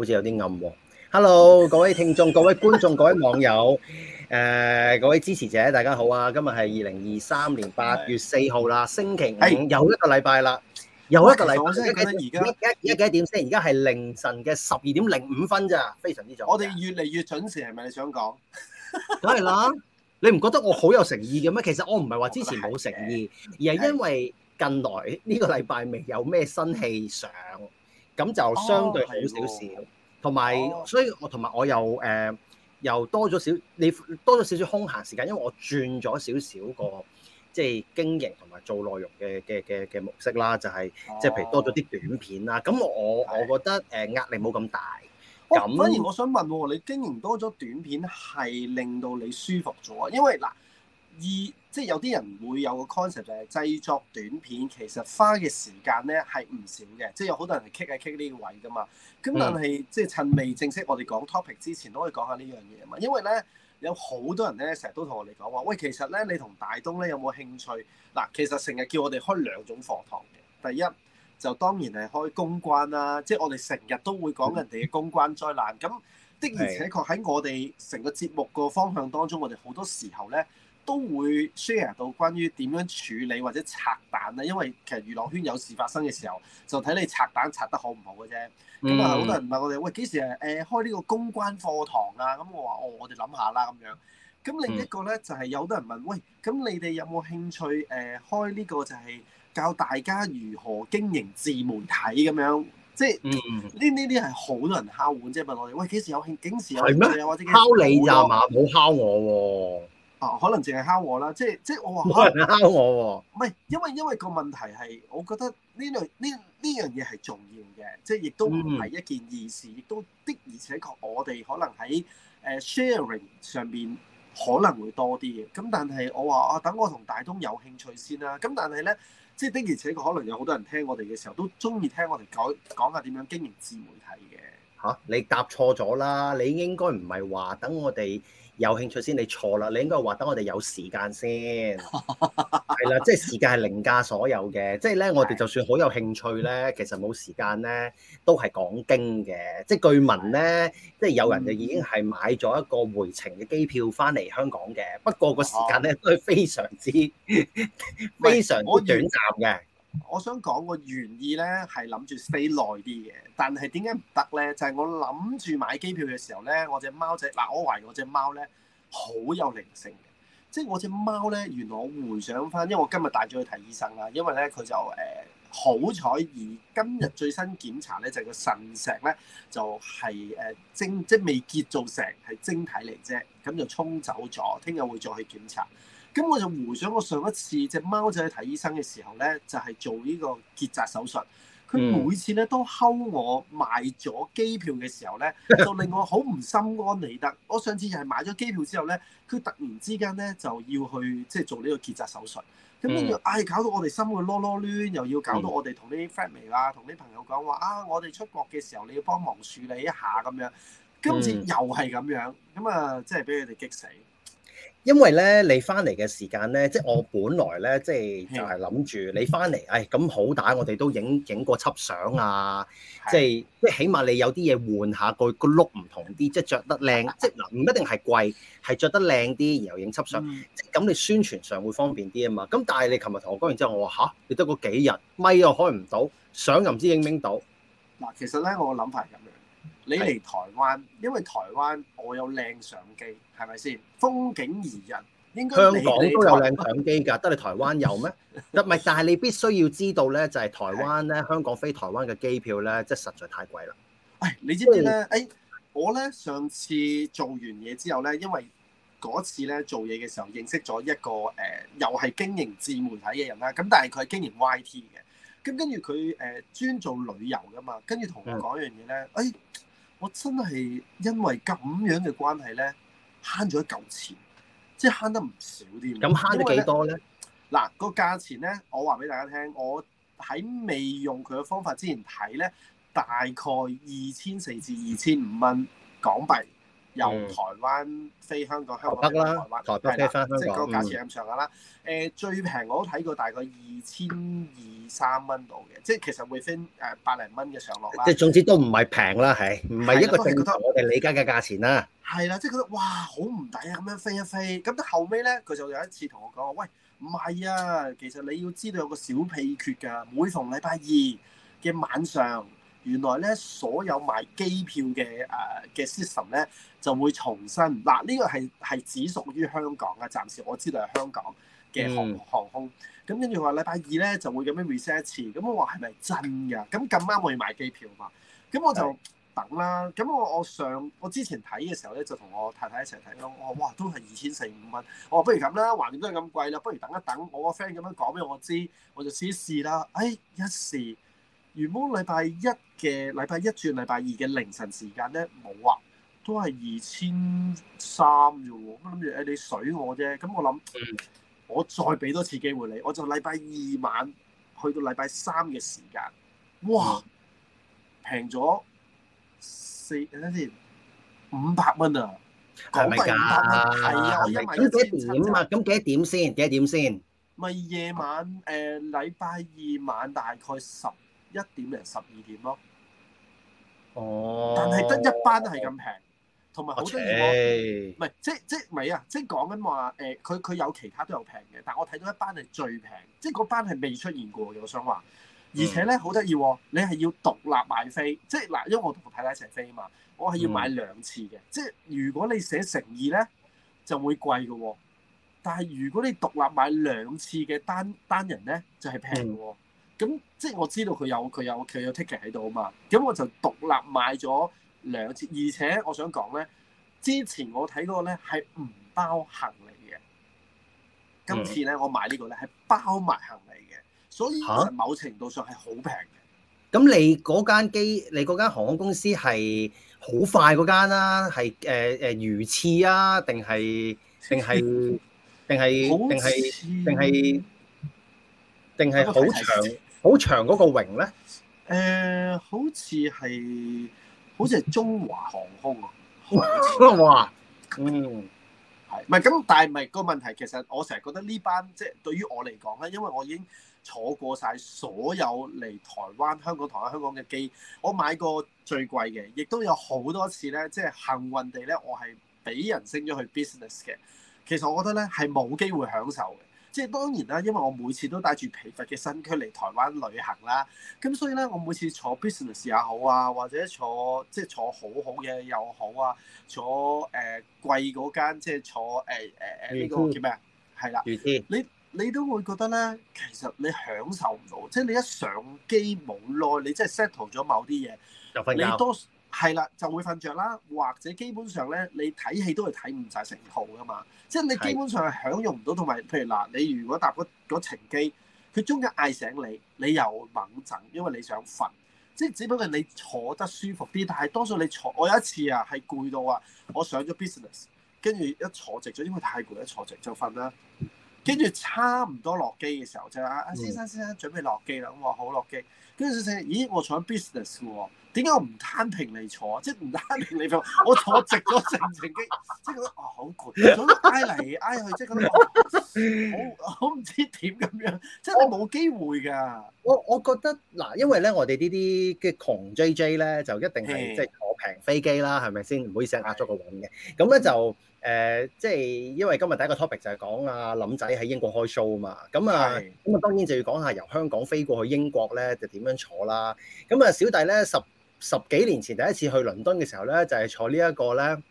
好似有啲暗喎、哦。Hello，各位聽眾、各位觀眾、各位網友、誒、呃、各位支持者，大家好啊！今日係二零二三年八月四號啦，星期五，又的一個禮拜啦，又一個禮拜。而家而家而家幾多點先？而家係凌晨嘅十二點零五分咋，非常之早。我哋越嚟越準時，係咪你想講？梗係啦，你唔覺得我好有誠意嘅咩？其實我唔係話之前冇誠意，而係因為近來呢、這個禮拜未有咩新戲上。咁就相對好少少，同埋、哦、所以我同埋我又誒、呃、又多咗少，你多咗少少空閒時間，因為我轉咗少少個即係、就是、經營同埋做內容嘅嘅嘅嘅模式啦，就係即係譬如多咗啲短片啦，咁我的我覺得誒壓力冇咁大。咁、哦、樣反而我想問喎，你經營多咗短片係令到你舒服咗，因為嗱。二即係有啲人會有個 concept 就係製作短片，其實花嘅時間咧係唔少嘅，即係有好多人係傾係傾呢個位㗎嘛。咁但係、嗯、即係趁未正式我哋講 topic 之前，都可以講下呢樣嘢啊嘛。因為咧有好多人咧成日都同我哋講話，喂，其實咧你同大東咧有冇興趣？嗱，其實成日叫我哋開兩種課堂嘅，第一就當然係開公關啦、啊，即係我哋成日都會講人哋嘅公關災難。咁、嗯、的而且確喺我哋成個節目個方向當中，我哋好多時候咧。都會 share 到關於點樣處理或者拆彈啊，因為其實娛樂圈有事發生嘅時候，就睇你拆彈拆得好唔好嘅啫。咁啊、嗯，好多人問我哋：喂，幾時誒開呢個公關課堂啊？咁我話：哦，我哋諗下啦咁樣。咁另一個咧就係、是、有好多人問：喂，咁你哋有冇興趣誒、呃、開呢個就係教大家如何經營自媒體咁樣？即係呢呢啲係好多人敲碗，即係問我哋：喂，幾時有興？幾時有興？係咩嗎？敲你咋嘛？冇、啊、敲我喎、啊！啊，可能淨係敲我啦，即係即係我話冇人敲我喎、啊，唔係，因為因為個問題係，我覺得呢類呢呢樣嘢係重要嘅，即係亦都唔係一件易事，亦、嗯、都的而且確我哋可能喺誒、uh, sharing 上面可能會多啲嘅，咁但係我話我、啊、等我同大東有興趣先啦，咁但係咧，即、就、係、是、的而且確可能有好多人聽我哋嘅時候都中意聽我哋講講下點樣經營自媒體嘅，嚇、啊、你答錯咗啦，你應該唔係話等我哋。有興趣先，你錯啦！你應該話等我哋有時間先，係啦， 即係時間係凌駕所有嘅。即係咧，我哋就算好有興趣咧，其實冇時間咧，都係講經嘅。即係據聞咧，即係有人就已經係買咗一個回程嘅機票翻嚟香港嘅，不過個時間咧 都係非常之非常之短暫嘅。我想講個原意咧係諗住飛耐啲嘅，但係點解唔得咧？就係、係、我諗住買機票嘅時候咧，我隻貓仔嗱、啊，我懷疑我隻貓咧好有靈性嘅，即係我隻貓咧，原來我回想翻，因為我今日帶咗去睇醫生啦，因為咧佢就誒好彩，而、呃、今日最新檢查咧就個、係、腎石咧就係誒晶，即係未結做石係晶體嚟啫，咁就沖走咗，聽日會再去檢查。咁我就回想我上一次隻貓仔去睇醫生嘅時候咧，就係做呢個結紮手術。佢每次咧都睺我買咗機票嘅時候咧，就令我好唔心安理得。 我上次又係買咗機票之後咧，佢突然之間咧就要去即係做呢個結紮手術。咁跟住唉，搞到我哋心㗎囉囉攣，又要搞到我哋同啲 friend 嚟啦，同啲朋友講話啊，我哋出國嘅時候你要幫忙處理一下咁樣。今次又係咁樣，咁啊，即係俾佢哋激死。因為咧，你翻嚟嘅時間咧，即係我本來咧，即係就係諗住你翻嚟，唉、哎，咁好歹，我哋都影影過輯相啊，的即係即係起碼你有啲嘢換下個個 look 唔同啲，即係著得靚，的即係唔一定係貴，係着得靚啲，然後影輯相，的即咁你宣傳上會方便啲啊嘛。咁但係你琴日同我講完之後，我話吓，你得嗰幾日，咪又開唔到，相又唔知影唔影到。嗱，其實咧我諗法係咁。你嚟台灣，因為台灣我有靚相機，係咪先？風景宜人，應該香港都有靚相機㗎，得你台灣有咩？一咪， 但係你必須要知道咧，就係、是、台灣咧， 香港飛台灣嘅機票咧，即係實在太貴啦。誒、哎，你知唔知咧？誒以、哎，我咧上次做完嘢之後咧，因為嗰次咧做嘢嘅時候認識咗一個誒、呃，又係經營自媒體嘅人啦。咁但係佢係經營 YT 嘅，咁跟住佢誒專做旅遊㗎嘛，跟住同佢講一樣嘢咧，誒、哎。我真係因為咁樣嘅關係咧，慳咗一嚿錢，即係慳得唔少啲。咁慳咗幾多咧？嗱，個價錢咧，我話俾大家聽，我喺未用佢嘅方法之前睇咧，大概二千四至二千五蚊港幣。由台灣飛香港，香港搭台，台灣，嗯、的台灣飛香港，即係嗰個價錢咁上下啦。誒、嗯，最平我都睇過，大概二千二三蚊度嘅，即係其實會飛誒百零蚊嘅上落啦。即係總之都唔係平啦，係唔係一個正？我哋而家嘅價錢啦，係啦，即係覺得，就是、覺得哇，好唔抵啊！咁樣飛一飛，咁到後尾咧，佢就有一次同我講話，喂，唔係啊，其實你要知道有個小秘訣㗎，每逢禮拜二嘅晚上。原來咧，所有賣機票嘅誒嘅 system 咧就會重新嗱，呢、這個係係只屬於香港啊，暫時我知道係香港嘅航、嗯、航空。咁跟住佢話，禮拜二咧就會咁樣 reset 一次。咁我話係咪真㗎？咁咁啱我要買機票嘛。咁我就等啦。咁我是我上我之前睇嘅時候咧，就同我太太一齊睇咯。我話哇，都係二千四五蚊。我話不如咁啦，橫掂都係咁貴啦，不如等一等。我個 friend 咁樣講俾我知，我就試一試啦。誒一試。原本禮拜一嘅禮拜一轉禮拜二嘅凌晨時間咧，冇啊，都係二千三啫喎。咁諗住誒你水我啫，咁我諗我再俾多次機會你，我就禮拜二晚去到禮拜三嘅時間，哇，平咗、嗯、四等陣先五百蚊啊！係咪㗎？係啊，我因為咁幾多點先？幾多點先？咪夜晚誒、呃、禮拜二晚大概十。一點零十二點咯，哦，oh, 但係得一班係咁平，同埋好得意，唔係 Okay. 即即唔係啊！即講緊話誒，佢、欸、佢有其他都有平嘅，但係我睇到一班係最平，即嗰班係未出現過嘅。我想話，而且咧好得意，你係要獨立買飛，即嗱，因為我同太太一齊飛啊嘛，我係要買兩次嘅。Mm. 即如果你寫成二咧，就會貴嘅喎。但係如果你獨立買兩次嘅單單人咧，就係平嘅喎。Mm. 咁即係我知道佢有佢有佢有 ticket 喺度啊嘛，咁我就獨立買咗兩次，而且我想講咧，之前我睇嗰個咧係唔包行李嘅，今次咧我買呢個咧係包埋行李嘅，所以其實某程度上係好平嘅。咁你嗰間機，你嗰間航空公司係好快嗰間啦，係誒誒魚翅啊，定係定係定係定係定係定係定係好長。長呃、好長嗰個榮咧，誒好似係好似係中華航空啊。好哇，嗯，係咪咁？但係咪個問題，其實我成日覺得呢班即係、就是、對於我嚟講咧，因為我已經坐過晒所有嚟台灣、香港、台灣、香港嘅機，我買過最貴嘅，亦都有好多次咧，即、就、係、是、幸運地咧，我係俾人升咗去 business 嘅。其實我覺得咧係冇機會享受嘅。即係當然啦，因為我每次都帶住疲乏嘅身軀嚟台灣旅行啦，咁所以咧，我每次坐 business 也好啊，或者坐即係坐好好嘅又好啊，坐誒、呃、貴嗰間即係坐誒誒誒呢個叫咩啊？係啦，你你都會覺得咧，其實你享受唔到，即係你一上機冇耐，你即係 settle 咗某啲嘢，又瞓係啦，就會瞓着啦，或者基本上咧，你睇戲都係睇唔晒成套㗎嘛，是的 即係你基本上係享用唔到，同埋譬如嗱，你如果搭嗰程機，佢中間嗌醒你，你又猛震，因為你想瞓，即係只不過你坐得舒服啲，但係多數你坐，我有一次啊係攰到啊，我上咗 business，跟住一坐直咗，因為太攰一坐直就瞓啦，跟住差唔多落機嘅時候啫，阿、啊、先生先生準備落機啦，咁話好落機。跟住成，咦？我坐喺 business 喎，點解我唔攤平嚟坐？即係唔攤平嚟坐，我坐直咗成成機， 即係覺得啊好攰，咁、哦、樣 挨嚟挨去，即係覺得 我我唔知點咁樣，即係我冇機會㗎。我我覺得嗱，因為咧我哋呢啲嘅窮 JJ 咧，就一定係即係坐平飛機啦，係咪先？唔好意思，壓咗個韻嘅。咁咧就誒、呃，即係因為今日第一個 topic 就係講啊，林仔喺英國開 show 啊嘛。咁啊，咁啊是，當然就要講下由香港飛過去英國咧，就點樣？坐啦，咁啊小弟咧十十幾年前第一次去倫敦嘅時候咧，就係、是、坐呢一個咧，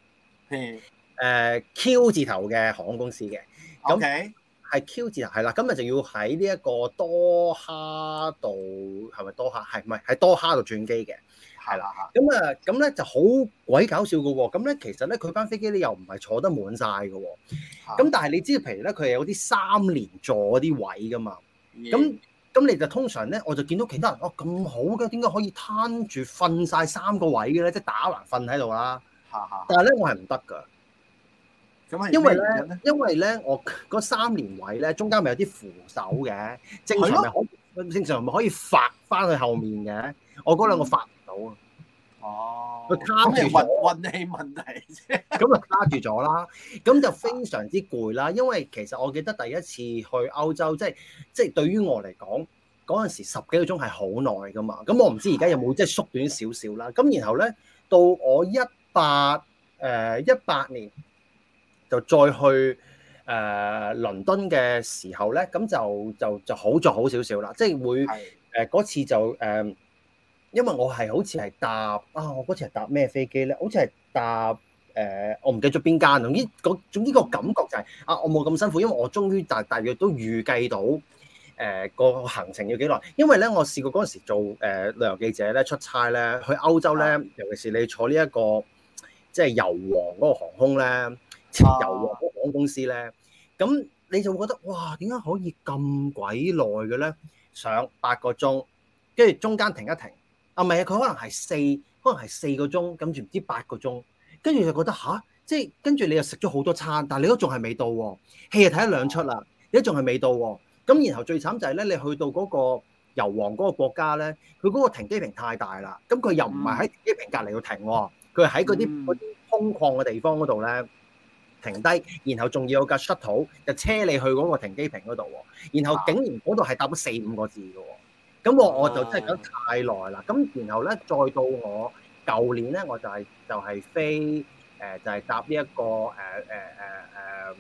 嗯的，誒、呃、Q 字頭嘅航空公司嘅，咁係 Okay. Q 字頭，係啦，今日就要喺呢一個多哈度，係咪多哈？係唔係喺多哈度轉機嘅？係啦，咁啊的，咁咧就好鬼搞笑嘅喎、哦，咁咧其實咧佢班飛機咧又唔係坐得滿晒嘅喎，咁的但係你知道，譬如咧佢有啲三連座嗰啲位噶嘛，咁。Yeah. 咁你就通常咧，我就見到其他人，哦，咁好嘅，點解可以攤住瞓晒三個位嘅咧？即係打橫瞓喺度啦。嚇嚇。但係咧，我係唔得㗎。咁啊，因為咧，呢因為咧，我嗰三連位咧，中間咪有啲扶手嘅，正常係可以，的正常係咪可以發翻去後面嘅？我嗰兩個發唔到啊。嗯哦，佢卡住運運氣問題啫，咁啊卡住咗啦，咁就非常之攰啦。因為其實我記得第一次去歐洲，即係即係對於我嚟講，嗰陣時十幾個鐘係好耐㗎嘛。咁我唔知而家有冇即係縮短少少啦。咁然後咧，到我一八誒一八年就再去誒倫敦嘅時候咧，咁就就就好咗好少少啦。即係會誒嗰次就誒。因為我係好似係搭啊，我嗰次係搭咩飛機咧？好似係搭誒，我唔、呃、記得咗邊間。總之嗰總之個感覺就係、是、啊，我冇咁辛苦，因為我終於大大約都預計到誒、呃、個行程要幾耐。因為咧，我試過嗰陣時做誒、呃、旅遊記者咧，出差咧，去歐洲咧，尤其是你坐呢、這、一個即係油王嗰個航空咧，油王嗰航空公司咧，咁你就會覺得哇，點解可以咁鬼耐嘅咧？上八個鐘，跟住中間停一停。啊，係咪啊？佢可能係四，可能係四個鐘，咁仲唔知八個鐘，跟住就覺得吓，即係跟住你又食咗好多餐，但係你都仲係未到喎，戲又睇咗兩出啦，你都仲係未到喎，咁然後最慘就係咧，你去到嗰個遊皇嗰個國家咧，佢嗰個停機坪太大啦，咁佢又唔係喺停機坪隔離度停，佢係喺嗰啲啲空曠嘅地方嗰度咧停低，然後仲要有架 shuttle 就車你去嗰個停機坪嗰度，然後竟然嗰度係搭咗四五個字嘅。咁我我就真係講太耐啦，咁然後咧再到我舊年咧，我就係、是、就係、是、飛誒就係搭呢一個誒誒誒誒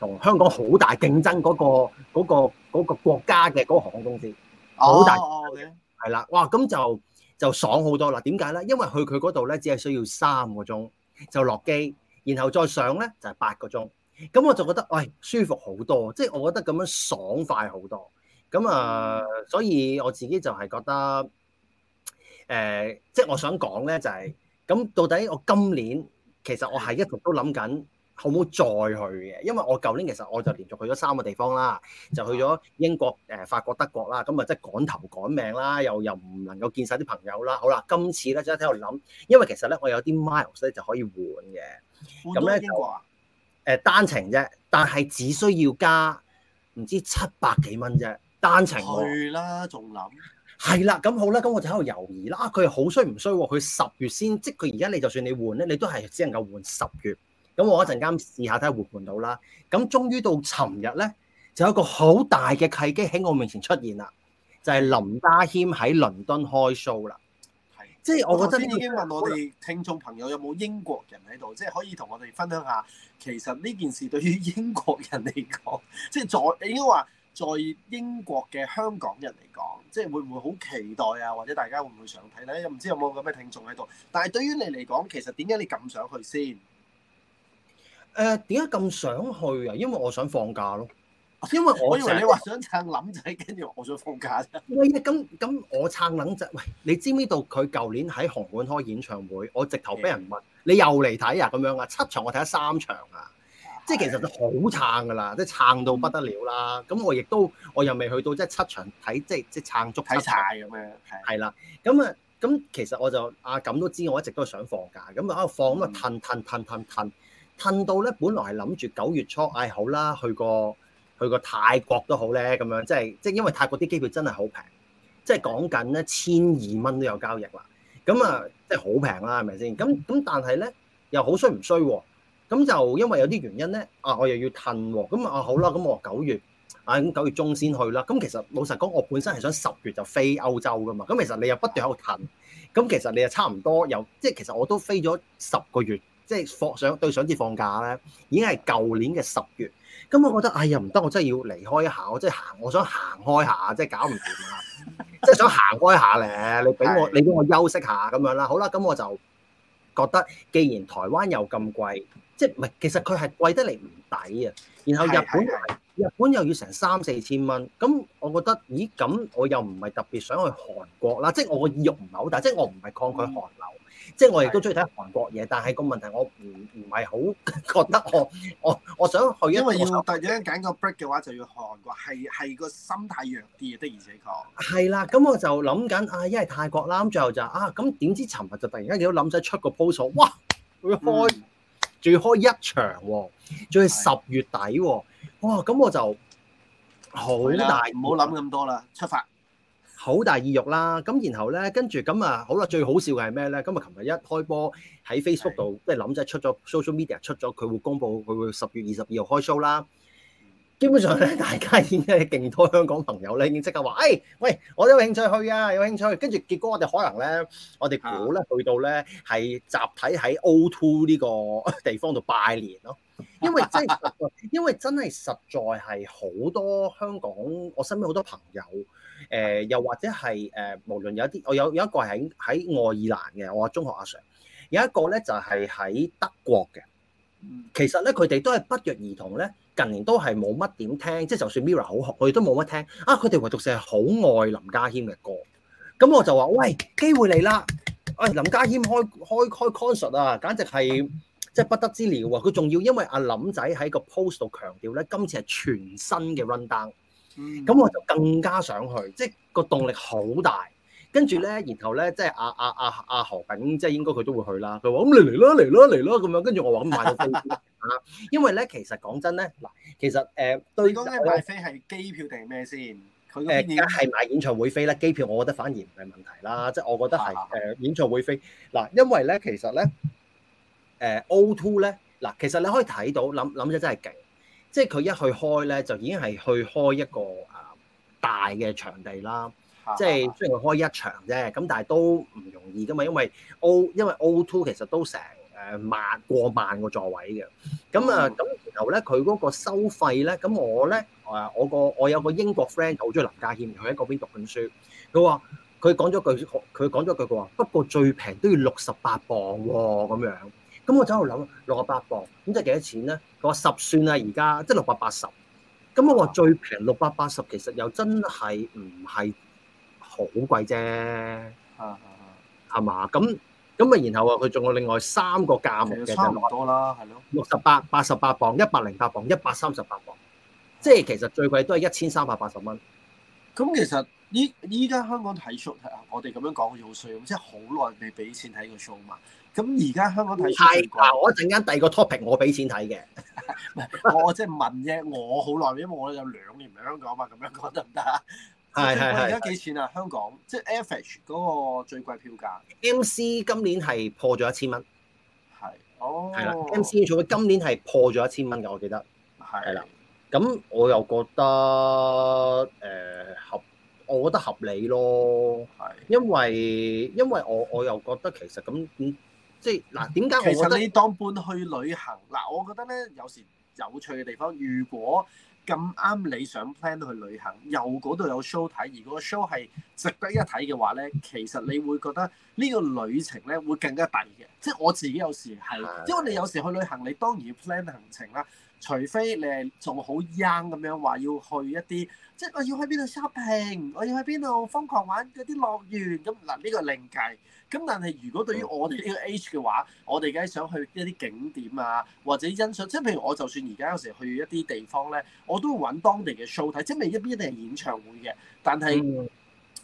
同香港好大競爭嗰、那個嗰、那個那個國家嘅嗰航空公司，好大，嘅、哦，係、okay，啦，哇！咁就就爽好多啦。點解咧？因為去佢嗰度咧，只係需要三個鐘就落機，然後再上咧就係、是、八個鐘。咁我就覺得喂、哎、舒服好多，即、就、係、是、我覺得咁樣爽快好多。咁啊，嗯、所以我自己就係覺得，誒、呃，即、就、係、是、我想講咧、就是，就係咁到底我今年其實我係一直都諗緊，好唔好再去嘅？因為我舊年其實我就連續去咗三個地方啦，就去咗英國、誒、呃、法國、德國啦。咁啊，即係趕頭趕命啦，又又唔能夠見晒啲朋友啦。好啦，今次咧即係喺度諗，因為其實咧我有啲 miles 咧就可以換嘅。咁咧，誒單程啫，但係只需要加唔知七百幾蚊啫。單程去、哦、啦，仲諗？係啦，咁好啦，咁我就喺度猶豫啦。佢、啊、好衰唔衰喎？佢十月先，即係佢而家你就算你換咧，你都係只能夠換十月。咁我一陣間試下睇下換唔換到啦。咁終於到尋日咧，就有一個好大嘅契機喺我面前出現啦，就係、是、林家謙喺倫敦開 show 啦。係的，即係我覺得我頭先已經問我哋聽眾朋友有冇英國人喺度，即、就、係、是、可以同我哋分享下，其實呢件事對於英國人嚟講，即、就、係、是、在應該話。在英國嘅香港人嚟講，即係會唔會好期待啊？或者大家會唔會想睇咧？又唔知有冇咁嘅聽眾喺度？但係對於你嚟講，其實點解你咁想去先？誒、呃，點解咁想去啊？因為我想放假咯。因為我， 我以為你話想撐林仔，跟住我想放假啫。喂、哎，咁咁我撐林仔，喂，你知唔知道佢舊年喺紅館開演唱會？我直頭俾人問，的你又嚟睇啊？咁樣啊？七場我睇咗三場啊！即係其實就好撐㗎啦，即係撐到不得了啦、嗯。咁我亦都我又未去到，即係七場睇，即係即係撐足睇晒咁樣。係啦是的，咁啊，咁其實我就阿感、啊、都知，我一直都想放假。咁啊放，咁啊褪褪褪褪褪褪到咧，本來係諗住九月初，唉、哎、好啦，去個去個泰國都好咧，咁樣即係即係因為泰國啲機票真係好平，即、就、係、是、講緊咧千二蚊都有交易啦。咁啊，即係好平啦，係咪先？咁咁但係咧，又好衰唔衰喎？咁就因為有啲原因咧，啊我又要褪喎、啊，咁啊好啦，咁我九月啊九月中先去啦、啊。咁其實老實講，我本身係想十月就飛歐洲㗎嘛。咁其實你又不斷喺度褪，咁其實你又差唔多又即係其實我都飛咗十個月，即係放上對上次放假咧，已經係舊年嘅十月。咁我覺得哎呀唔得，我真係要離開一下，我即係行，我想行開下，即係搞唔掂啦， 即係想行開下咧。你俾我，的你俾我休息下咁樣啦。好啦，咁我就覺得既然台灣又咁貴。即係唔係？其實佢係貴得嚟唔抵啊！然後日本，日本又要成三四千蚊，咁我覺得，咦咁我又唔係特別想去韓國啦。即係我嘅意欲唔係好大，即係我唔係抗拒韓流，嗯、即係我亦都中意睇韓國嘢。但係個問題，我唔唔係好覺得我我我想去，因為要突然間揀個 break 嘅話，就要韓國係係個心態弱啲啊，的而且確係啦。咁我就諗緊啊，一係泰國啦，咁最後就啊咁點知尋日就突然間幾多諗想出個 post 哇！開、嗯仲要開一場喎，仲要十月底喎，的哇！咁我就好大意，唔好諗咁多啦，出發，好大意欲啦。咁然後咧，跟住咁啊，好啦，最好笑嘅係咩咧？今日琴日一開波喺 Facebook 度，即係諗咗出咗 social media 出咗，佢會公布佢會十月二十二號開 show 啦。基本上咧，大家已經係勁多香港朋友咧，已經即刻話：誒、哎、喂，我都有興趣去啊，有興趣去。去。」跟住結果，我哋可能咧，我哋估咧去到咧，係集體喺 O2 呢個地方度拜年咯。因為真，因為真係實在係好多香港，我身邊好多朋友，誒、呃，又或者係誒、呃，無論有啲，我有有一個係喺喺愛爾蘭嘅，我阿中學阿 sir，有一個咧就係、是、喺德國嘅。其實咧，佢哋都係不約而同咧。近年都係冇乜點聽，即係就算 Mira 好紅，佢都冇乜聽。啊，佢哋唯獨成係好愛林家謙嘅歌，咁我就話：喂，機會嚟啦！喂，林家謙開開開 concert 啊，簡直係即係不得之了喎！佢仲要因為阿林仔喺個 post 度強調咧，今次係全新嘅 run down，咁我就更加想去，即係個動力好大。跟住咧，然後咧，即係阿阿阿阿何炳，即係應該佢都會去啦。佢話：咁你嚟啦，嚟啦，嚟啦，咁樣。跟住我話：咁買個飛啊！ 因為咧，其實講真咧，嗱，其實誒、呃，對於咧買飛係機票定係咩先？佢誒而家係買演唱會飛咧，機票我覺得反而唔係問題啦。 即係我覺得係誒演唱會飛嗱，因為咧其實咧誒 O two 咧嗱，其實你可以睇到，諗諗嘢真係勁，即係佢一去開咧，就已經係去開一個啊大嘅場地啦。即係雖然佢開一場啫，咁但係都唔容易噶嘛，因為 O 因為 O2 其實都成誒萬過萬個座位嘅，咁啊咁然後咧佢嗰個收費咧，咁我咧啊我個我有個英國 friend 好中意林家謙，佢喺嗰邊讀緊書，佢話佢講咗句佢講咗句佢話，不過最平都要六十八磅喎、哦，咁樣，咁、嗯、我走度諗六十八磅，咁即係幾多錢咧？佢話十算啊，而家即係六百八十，咁我話最平六百八十其實又真係唔係。好貴啫，係係嘛？咁咁啊，啊然後啊，佢仲有另外三個價目嘅，就六多啦，係咯，六十八、八十八磅、一百零八磅，一百三十八磅，即係其實最貴都係一千三百八十蚊。咁其實依依家香港睇 show，我哋咁樣講好衰，我真係好耐未俾錢睇個 show 嘛。咁而家香港睇 show 太貴喇，說我一陣間第二個 topic 我俾錢睇嘅， 我即係問啫。我好耐，因為我有兩年喺香港嘛，咁樣講得唔得啊？係係係，而家幾錢啊？香港即係 AFH 嗰個最貴票價 MC、哦。MC 今年係破咗一千蚊。係，哦。係啦，MC 坐嘅今年係破咗一千蚊嘅，我記得。係的。係啦，咁我又覺得誒、呃、合，我覺得合理咯。係的。因為因為我我又覺得其實咁咁即係嗱點解？我覺得其實你當半去旅行嗱，我覺得咧有時。有趣嘅地方，如果咁啱你想 plan 去旅行，又嗰度有 show 睇，而嗰個 show 係值得一睇嘅話咧，其實你會覺得呢個旅程咧會更加抵嘅。即係我自己有時係，的因為你有時去旅行，你當然要 plan 行程啦。除非你係仲好 young 咁樣話要去一啲，即係我要去邊度 shopping，我要去邊度瘋狂玩嗰啲樂園，咁嗱，呢個另計。咁但係如果對於我哋呢個 H 嘅話，我哋梗係想去一啲景點啊，或者欣賞，即係譬如我就算而家有時去一啲地方咧，我都會揾當地嘅 show 睇，即係未必一定係演唱會嘅，但係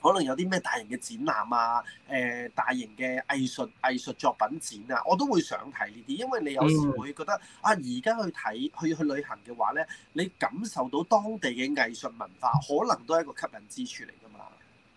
可能有啲咩大型嘅展覽啊，誒、呃、大型嘅藝術藝術作品展啊，我都會想睇呢啲，因為你有時會覺得啊，而家去睇去去旅行嘅話咧，你感受到當地嘅藝術文化，可能都係一個吸引之處嚟㗎嘛。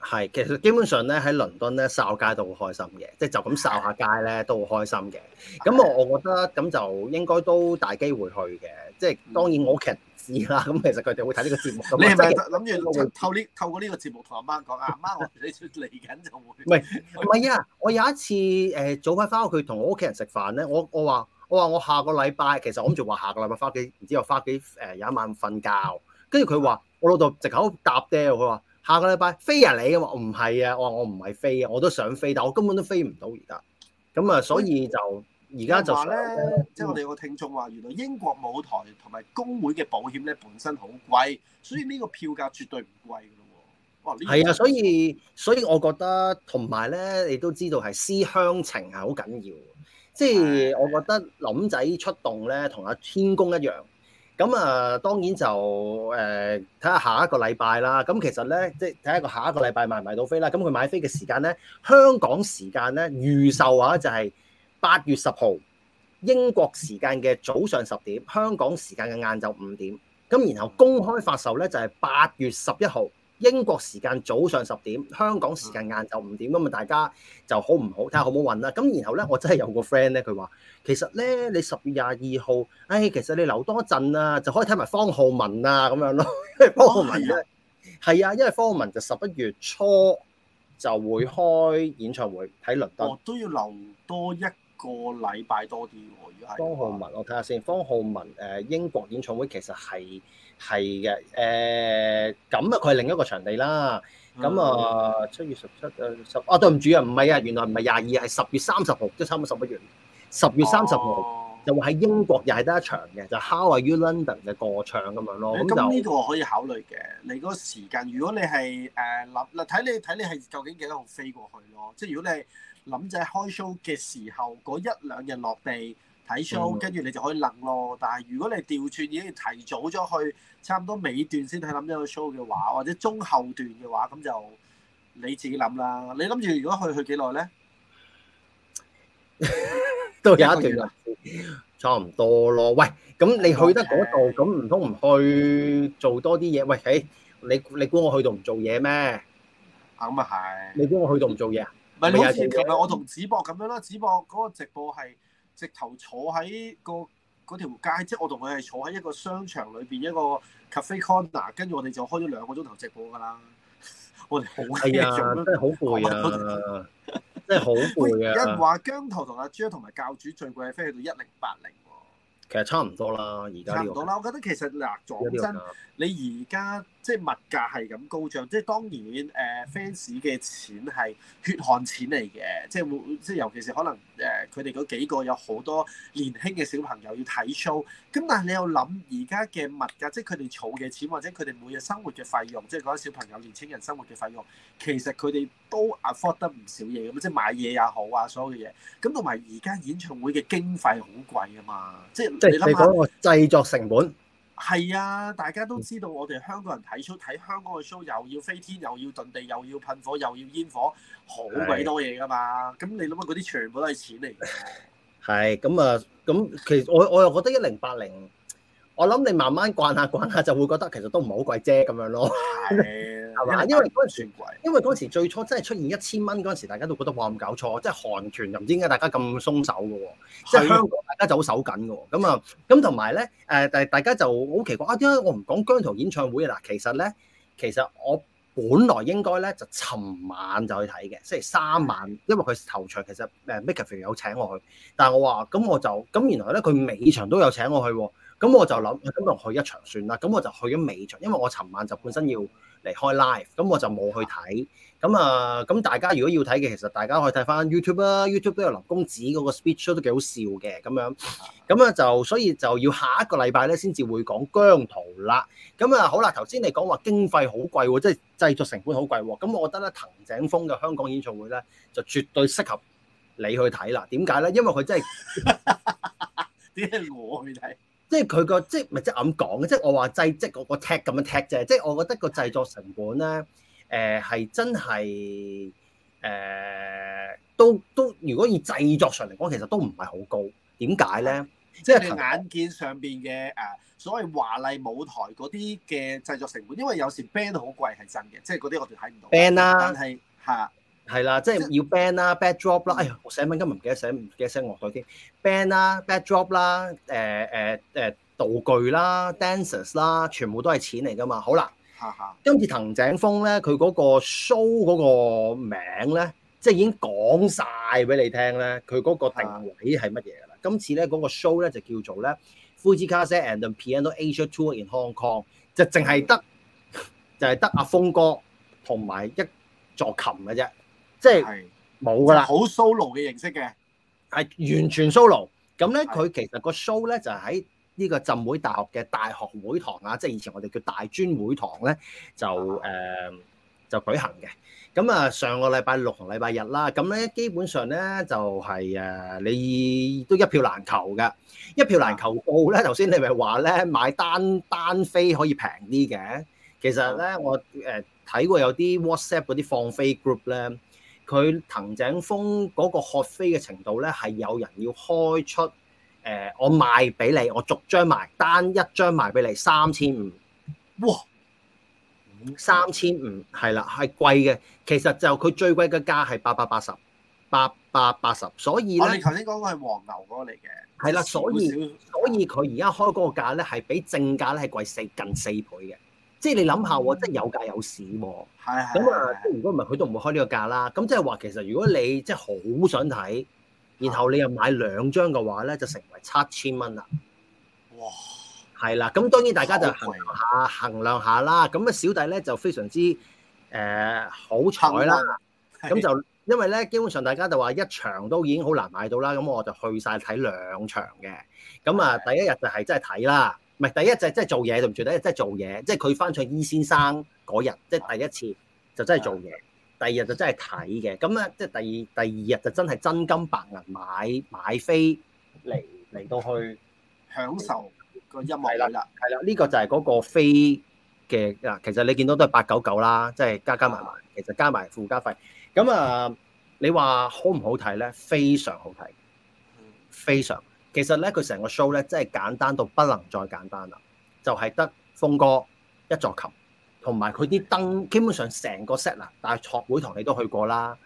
係，其實基本上咧，喺倫敦咧，哨街都好開心嘅，即係就咁哨下街咧都好開心嘅。咁我我覺得咁就應該都大機會去嘅，即係當然我屋企人知啦。咁其實佢哋會睇呢個節目。咁 你係咪諗住透過呢透過呢個節目同阿媽講 啊？阿媽我你出嚟緊就會唔係唔係啊！我有一次誒、呃、早排翻屋企同我屋企人食飯咧，我我話我話我下個禮拜，其實我諗住話下個禮拜翻屋企，唔知又翻屋企誒，有一晚瞓覺，跟住佢話，我老豆直頭搭爹，佢話。下個禮拜飛啊？你啊嘛，唔係啊，我話我唔係飛啊，我都想飛，但我根本都飛唔到而家。咁啊，所以就而家就話咧，即係我哋個聽眾話，原來英國舞台同埋工會嘅保險咧本身好貴，所以呢個票價絕對唔貴嘅咯喎，哇！係、這個、啊，所以所以我覺得同埋咧，你都知道係思鄉情係好緊要，即係的我覺得林仔出動咧，同阿天公一樣。咁啊，當然就誒睇下下一個禮拜啦。咁其實咧，即係睇下個下一個禮拜買唔買到飛啦。咁佢買飛嘅時間咧，香港時間咧預售啊就係八月十號英國時間嘅早上十點，香港時間嘅晏晝五點。咁然後公開發售咧就係八月十一號。英國時間早上十點，香港時間晏晝五點咁啊！大家就好唔好睇下好唔好運啦、啊。咁然後咧，我真係有個 friend 咧，佢話其實咧，你十月廿二號，哎，其實你留多一陣啊，就可以睇埋方浩文啊咁樣咯。方浩文啊，係、 哦、啊，因為方浩文就十一月初就會開演唱會喺倫敦、哦，都要留多一個禮拜多啲喎。如果係方浩文，我睇下先。方浩文誒、呃、英國演唱會其實係。係嘅，誒咁啊，佢、呃、係另一個場地啦。咁啊、嗯七七，七月十七嘅十，哦對唔住啊，唔係啊，原來唔係廿二，係十月三十號，即係差唔多十一月。十月三十號就會喺英國又係得一場嘅、哦，就 How Are You London 嘅個唱咁樣咯。咁呢度可以考慮嘅。你嗰個時間，如果你係誒諗，嗱、呃、睇你睇你係究竟幾多號飛過去咯。即係如果你諗住開 show 嘅時候，嗰一兩日落地。睇 show 跟住你就可以諗咯，但係如果你調轉已經提早咗去，差唔多尾段先睇諗咗個 show 嘅話，或者中後段嘅話，咁就你自己諗啦。你諗住如果去去幾耐咧？都有一段啦，差唔多咯。喂，咁你去得嗰度，咁唔通唔去做多啲嘢？喂，你你估我去到唔做嘢咩？咁啊係。你估我去到唔做嘢啊？唔係好似琴日我同子博咁樣咯，子博嗰個直播係。直頭坐喺個嗰條街，即係我同佢係坐喺一個商場裏邊一個 cafe corner，跟住我哋就開咗兩個鐘頭直播㗎啦。 我哋好咩做咯，真係好攰啊， 真係好攰啊！一話 姜濤同阿朱同埋教主最貴飛去到一零八零喎。其實差唔多啦，而家差唔多啦。我覺得其實嗱，講真，你而家。即係物價係咁高漲，即係當然誒 fans 嘅錢係血汗錢嚟嘅，即係會即係尤其是可能誒佢哋嗰幾個有好多年輕嘅小朋友要睇 show，咁但係你又諗而家嘅物價，即係佢哋儲嘅錢或者佢哋每日生活嘅費用，即係嗰啲小朋友年輕人生活嘅費用，其實佢哋都 afford 得唔少嘢咁，即係買嘢也好啊，所有嘅嘢。咁同埋而家演唱會嘅經費好貴啊嘛，即係即係你諗個製作成本。係啊，大家都知道我哋香港人睇 show，睇香港嘅 show 又要飛天，又要遁地，又要噴火，又要煙火，好鬼多嘢㗎嘛！咁的你諗下嗰啲全部都係錢嚟嘅。係咁啊，咁其實我我又覺得一零八零，我諗你慢慢慣下慣下就會覺得其實都唔係好貴啫咁樣咯的。係。 因為嗰陣算貴，因為嗰時最初真係出現一千蚊嗰陣時，大家都覺得哇咁搞錯，即係韓團又唔知點解大家咁鬆手嘅喎，的即係香港大家就好守緊嘅喎，咁啊，咁同埋咧，誒，但係大家就好奇怪啊，點解我唔講姜濤演唱會啊？嗱，其實咧，其實我本來應該咧就尋晚就去睇嘅，星期三晚，因為佢頭場其實誒 Michael 非常有請我去，但係我話咁我就咁，原來咧佢尾場都有請我去喎。咁我就諗，咁就去一場算啦。咁我就去咗尾場，因為我尋晚就本身要嚟開 live，咁我就冇去睇。咁啊，咁大家如果要睇嘅，其實大家可以睇翻 YouTube 啦、啊。YouTube 都有林公子嗰個 speech show 都幾好笑嘅咁樣。咁啊，就所以就要下一個禮拜咧，先至會講姜濤啦。咁啊，好啦，頭先你講話經費好貴，即係製作成本好貴。咁我覺得咧，藤井風嘅香港演唱會咧，就絕對適合你去睇啦。點解咧？因為佢真係點解我會去睇？即係佢個即係咪即係咁講嘅？即係我話製即係我 tag 咁樣 tag 啫。即係我，我覺得個製作成本咧，誒、呃、係真係誒、呃、都都。如果以製作上嚟講，其實都唔係好高。點解咧？即係你眼見上邊嘅誒所謂華麗舞台嗰啲嘅製作成本，因為有時 band 好貴係真嘅，即係嗰啲我哋睇唔到 band 啦。但係嚇。啊係啦，即係要 band 啦、backdrop 啦，哎呀，我寫文今日唔記得寫唔記得寫樂隊添。band 啦、backdrop 啦、誒誒誒道具啦、dancers 啦，全部都係錢嚟㗎嘛。好啦，啊啊、uh，huh。今次藤井峰咧，佢嗰個 show 嗰個名咧，即係已經講晒俾你聽咧，佢嗰個定位係乜嘢啦？Uh huh。今次咧嗰個 show 咧就叫做咧 Fujii Kaze and the piano Asia tour in Hong Kong，就淨係得就係、是、得阿風哥同埋一座琴嘅啫。即係冇㗎啦，好 solo 嘅形式嘅，係完全 solo 咁咧。佢的其實個 show 咧就喺、是、呢個浸會大學嘅大學會堂啊，即、就、係、是、以前我哋叫大專會堂咧，就誒的、呃、就舉行嘅。咁啊，上個禮拜六同禮拜日啦，咁咧基本上咧就係、是、誒，你都一票難求嘅，一票難求呢。告咧的，頭先你咪話咧買單單飛可以平啲嘅，其實咧的我誒睇、呃、過有啲 WhatsApp 嗰啲放飛 group 咧。佢藤井風嗰個學飛嘅程度咧，係有人要開出誒、呃，我賣俾你，我逐張賣，單一張賣俾你三千五，哇，三千五係啦，係貴嘅。其實就佢最貴嘅價係八百八十，八百八十。所以咧，我頭先講嗰個係黃牛嗰個嚟嘅，係啦。所以所以佢而家開嗰個價咧，係比正價咧係貴四近四倍嘅。即係你諗下，我真係有價有市喎、啊。咁啊，即係如果唔係，佢都唔會開呢個價啦。咁即係話，其實如果你即係好想睇，然後你又買兩張嘅話咧，就成為七千蚊啦。哇！係啦，咁當然大家就衡量下，衡量下啦。咁啊，小弟咧就非常之誒好彩啦。咁的就因為咧，基本上大家就話一場都已經好難買到啦。咁我就去晒睇兩場嘅。咁啊，第一日就係真係睇啦，唔係第一就真係做嘢，同住第一日真係做嘢，即係佢翻唱伊先生。嗯嗰日即係第一次就真係做嘢，第二日就真係睇嘅，咁啊即係第二第二日就真係真金白銀買買飛嚟嚟到去享受個音樂啦啦，係啦，呢個就係嗰個飛嘅嗱，其實你見到都係八九九啦，即係加加埋埋，的其實加埋附加費，咁啊你話好唔好睇咧？非常好睇，非常，其實咧佢成個 show 咧真係簡單到不能再簡單啦，就係得風哥一座琴。同埋佢啲燈基本上成個 set 啦，但係學會堂你都去過啦，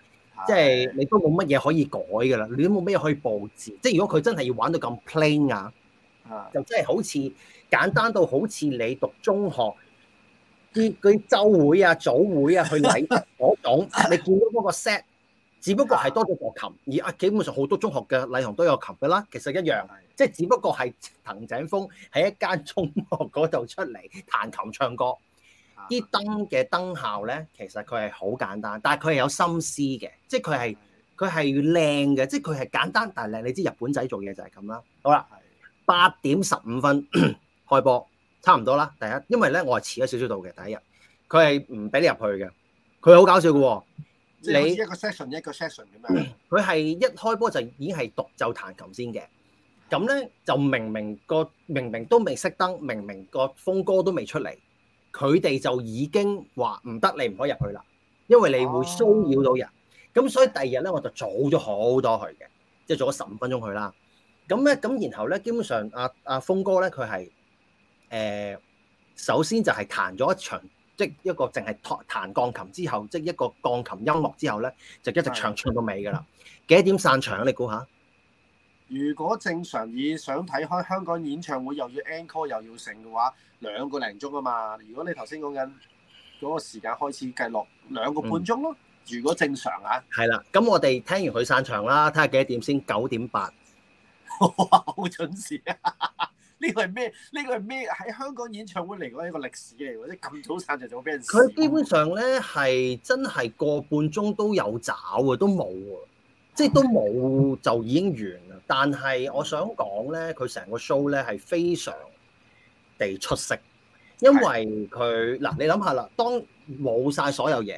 即係你都冇乜嘢可以改噶啦，你都冇咩可以佈置。即係如果佢真係要玩到咁 plain 啊，就真係好似簡單到好似你讀中學啲啲週會啊、組會啊去禮堂嗰種，你見到嗰個 set，只不過係多咗個琴，而啊基本上好多中學嘅禮堂都有琴噶啦，其實一樣，即係只不過係藤井風喺一間中學嗰度出嚟彈琴唱歌。啲燈嘅燈效咧，其實佢係好簡單，但係佢係有心思嘅，即係佢係佢係要靚嘅，即係佢係簡單但係靚。你知日本仔做嘢就係咁啦。好啦，八點十五分 開播，差唔多啦。第一，因為咧我係遲咗少少到嘅第一日，佢係唔俾你入去嘅，佢好搞笑嘅喎。你一個 session 一個 session 咁樣，佢係一開波就已經係獨奏彈琴先嘅。咁咧就明明個明明都未熄燈，明明個風歌都未出嚟。佢哋就已經話唔得，你唔可以入去啦，因為你會騷擾到人。咁、oh. 所以第二日咧，我就早咗好多去嘅，即係早咗十五分鐘去啦。咁咧，咁然後咧，基本上阿阿風哥咧，佢係誒首先就係彈咗一場，即係一個淨係彈鋼琴之後，即係一個鋼琴音樂之後咧，就一直唱唱到尾㗎啦。Yes. 幾點散場？你估下？如果正常以想睇開香港演唱會，又要 Encore 又要成嘅話，兩個零鐘啊嘛。如果你頭先講緊嗰個時間開始計落兩個半鐘咯。嗯、如果正常啊，係啦。咁我哋聽完佢散場啦，睇下幾多點先，九點八，好 準時啊！呢個係咩？呢個係咩？喺香港演唱會嚟講，一個歷史嚟或者咁早散場做咩人，佢基本上咧係真係個半鐘都有找嘅，都冇喎。即係都冇就已經完啦，但係我想講咧，佢成個 show 咧係非常地出色，因為佢嗱的你諗下啦，當冇晒所有嘢，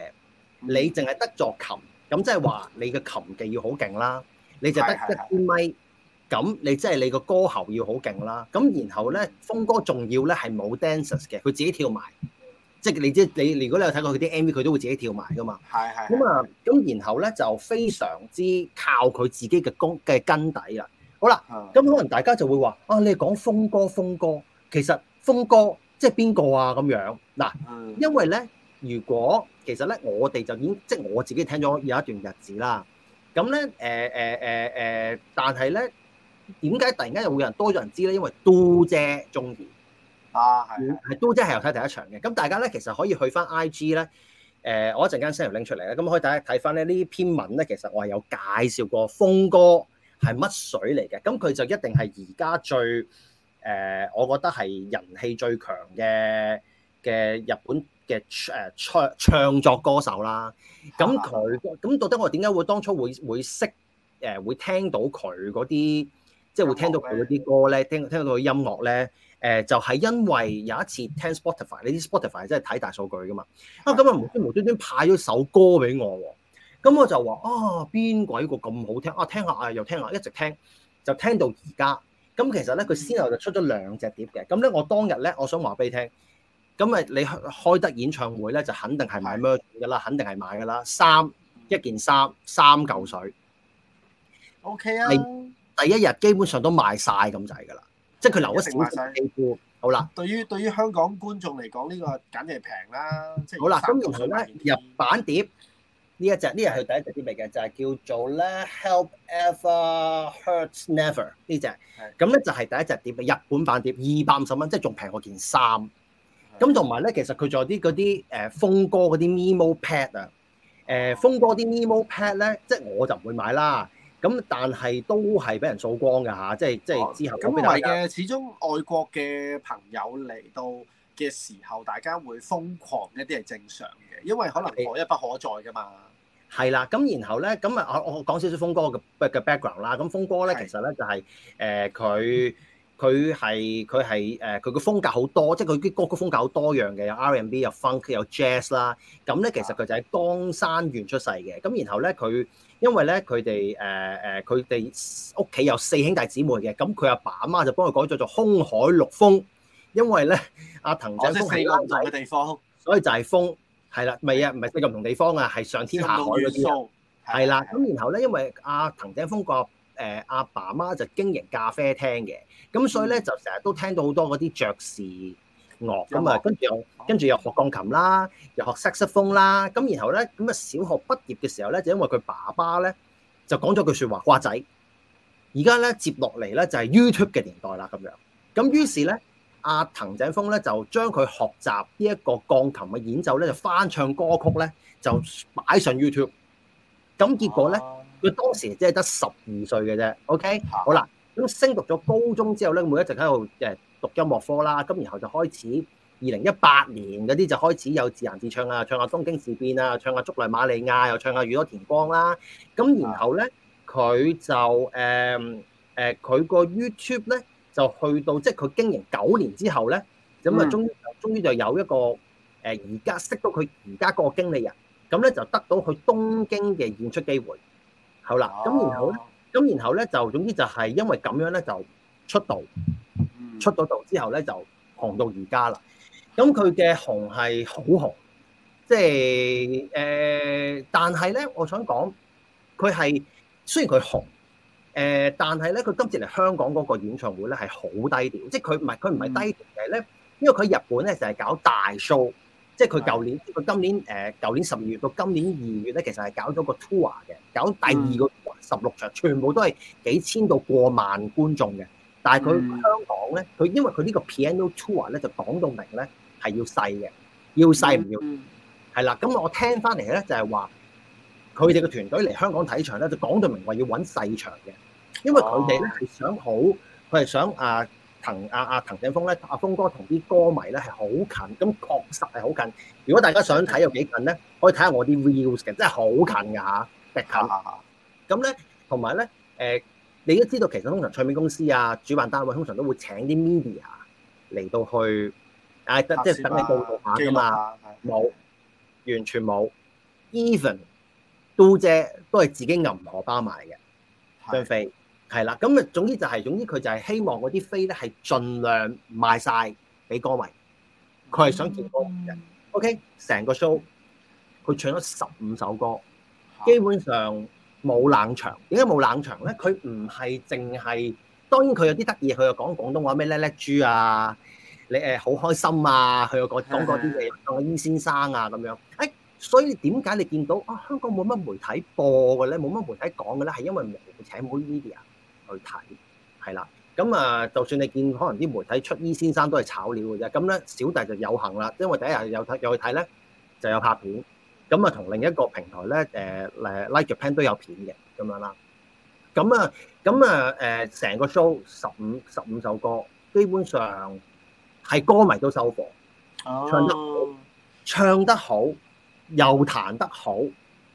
你淨係得作琴，咁即係話你嘅琴技要好勁啦，你就得一支咪，咁的你即係你個歌喉要好勁啦，咁然後咧，風哥仲要咧係冇 dancers 嘅，佢自己跳埋。即係你知，你如果你有睇過佢啲 MV，佢都會自己跳埋㗎嘛。係係。咁 啊，咁然後咧就非常之靠佢自己嘅功嘅根底啦。好啦，咁可能大家就會話：啊，你係講風哥，風哥其實風哥即係邊個啊？咁樣嗱、啊，因為咧，如果其實咧，我哋就已經即係我自己聽咗有一段日子啦。咁咧，誒誒誒誒，但係咧點解突然間又會有人多咗人知咧？因為都姐鍾意。啊，係係都即係有睇第一場嘅，咁大家咧其實可以去翻 I G 咧、呃，誒，我一陣間 send 拎出嚟咧，咁可以大家睇翻咧呢篇文咧，其實我係有介紹過風哥係乜水嚟嘅，咁佢就一定係而家最誒、呃，我覺得係人氣最強嘅嘅日本嘅誒唱唱作歌手啦，咁佢咁到底我點解會當初會會識誒會聽到佢嗰啲，即係會聽到佢嗰啲歌咧，聽聽到佢音樂咧？誒就係因為有一次聽 Spotify，你啲 Spotify 真係睇大數據噶嘛。啊咁啊無端無端端派咗首歌俾我，咁我就話啊邊鬼個咁好聽啊聽下啊又聽下，一直聽就聽到而家。咁其實咧佢先後就出咗兩隻碟嘅。咁咧我當日咧我想話俾你聽，咁啊你開得演唱會咧就肯定係買 Merch 嘅啦，肯定係買嘅啦。三一件衫，三嚿水。O K 啊，你第一日基本上都賣晒咁就係噶啦。即係佢留咗成塊細，好啦。對於對於香港觀眾嚟講，呢、呢個簡直係平啦。即好啦，咁然後咧，日版碟呢一隻，呢係佢第一隻碟嚟嘅，就係、是、叫做咧 Help Ever Hurt Never 呢隻。咁咧的就係第一隻碟，日本版碟二百五十蚊，即係仲平過件衫。咁同埋咧，其實佢仲有啲嗰啲誒風哥嗰啲 Memo Pad 啊、呃，誒風哥啲 Memo Pad 咧，即係我就唔會買啦。咁但係都係俾人掃光㗎吓，即係即係之後咁唔係嘅，始終外國嘅朋友嚟到嘅時候，大家會瘋狂一啲係正常嘅，因為可能可一不可再㗎嘛。係啦，咁然後咧，咁啊，我我講少少風哥嘅嘅 background 啦。咁風哥咧，的其實咧就係誒佢佢係佢係誒佢個風格好多，即係佢啲歌曲風格好多樣嘅，有 R&B、B，有 funk、有 jazz 啦。咁咧其實佢就喺江山縣出世嘅。咁然後咧佢。因為咧佢哋誒誒佢哋屋企有四兄弟姊妹嘅，咁佢阿爸阿媽就幫佢改咗做空海陸風，因為咧阿、啊、藤井風喺四個唔同嘅地方，所以就係風係啦，唔係啊，唔係四個唔同地方啊，係上天下海嗰啲啊，係啦。咁然後咧，因為阿、啊、藤井風個誒阿爸媽就經營咖啡廳嘅，咁所以咧就成日都聽到好多嗰啲爵士樂咁啊，跟住又跟住又學鋼琴啦，又學 saxophone 啦。咁然後咧，咁啊小學畢業嘅時候咧，就因為佢爸爸咧就講咗句説話，瓜仔。而家咧接落嚟咧就係、是、YouTube 嘅年代啦，咁樣。咁於是咧，阿、啊、藤井風咧就將佢學習呢一個鋼琴嘅演奏咧，就翻唱歌曲咧，就擺上 YouTube、mm。咁、hmm. 結果咧，佢當時即係得十二歲嘅啫。OK，mm hmm. 好啦。咁升讀咗高中之後咧，每一直喺度誒。讀音樂科啦，咁然後就開始二零一八年嗰啲就開始有自彈自唱啊，唱下《東京事變》啊，唱下《竹內瑪利亞》，又唱下《宇多田光》啦。咁然後咧，佢就誒誒，佢個 YouTube 咧就去到即係佢經營九年之後咧，咁啊，終終於就有一個誒而家識到佢而家個經理人，咁咧就得到佢東京嘅演出機會。好啦，咁然後咧，咁然後咧就總之就係因為咁樣咧就出道。出咗道之後咧就紅到而家啦，咁佢嘅紅係好紅，即係誒，但係咧，我想講佢係雖然佢紅，誒、呃，但係咧，佢今次嚟香港嗰個演唱會咧係好低調，即係佢唔係佢唔係低調嘅咧，因為佢喺日本咧就係搞大 show，即係佢舊年佢今年誒舊年十二月到今年二月咧，其實係搞咗個 tour 嘅，搞第二個十六場，全部都係幾千到過萬觀眾嘅。但係佢香港咧，佢因為佢呢個 Piano Tour 咧就講到明咧係要細嘅，要細唔要細？係啦、嗯，咁我聽翻嚟咧就係、是、話，佢哋嘅團隊嚟香港睇場咧就講到明話要揾細場嘅，因為佢哋咧係想好，佢係想啊藤啊啊藤井風咧，阿、啊、風哥同啲歌迷咧係好近，咁確實係好近。如果大家想睇有幾近咧，可以睇下我啲 views 嘅，真係好近㗎嚇，下。近。咁咧、啊，同埋咧，誒。呃呃你都知道，其實通常唱片公司啊、主辦單位通常都會請啲 media 嚟到去，啊即係等你報道下㗎嘛，冇、啊，完全冇，even 杜姐都係自己銀荷包買嘅張飛，係啦的，咁啊總之就係、是、總之佢就係希望嗰啲飛咧係盡量賣晒俾歌迷，佢係想接歌迷嘅。OK，成個 show 佢唱咗十五首歌，基本上。嗯。冇冷場，點解冇冷場咧？佢唔係淨係，當然佢有啲得意，佢又講廣東話咩叻叻豬啊，你誒好開心嘛！佢又講講嗰啲嘢，講阿醫先生啊咁樣。誒，所以點解你見到啊香港冇乜媒體播嘅咧，冇乜媒體講嘅咧？係因為冇請 media 去睇，係啦。咁啊，就算你見可能啲媒體出醫先生都係炒料嘅啫。咁咧，小弟就有幸啦，因為第一日又睇又去睇咧，就有拍片。咁啊，同另一個平台咧，誒誒 Like Japan 都有片嘅，咁樣啦。咁啊，咁啊，誒成個 show 十五十五首歌，基本上係歌迷都收貨。哦，oh. 唱得好，唱得好，又彈得好，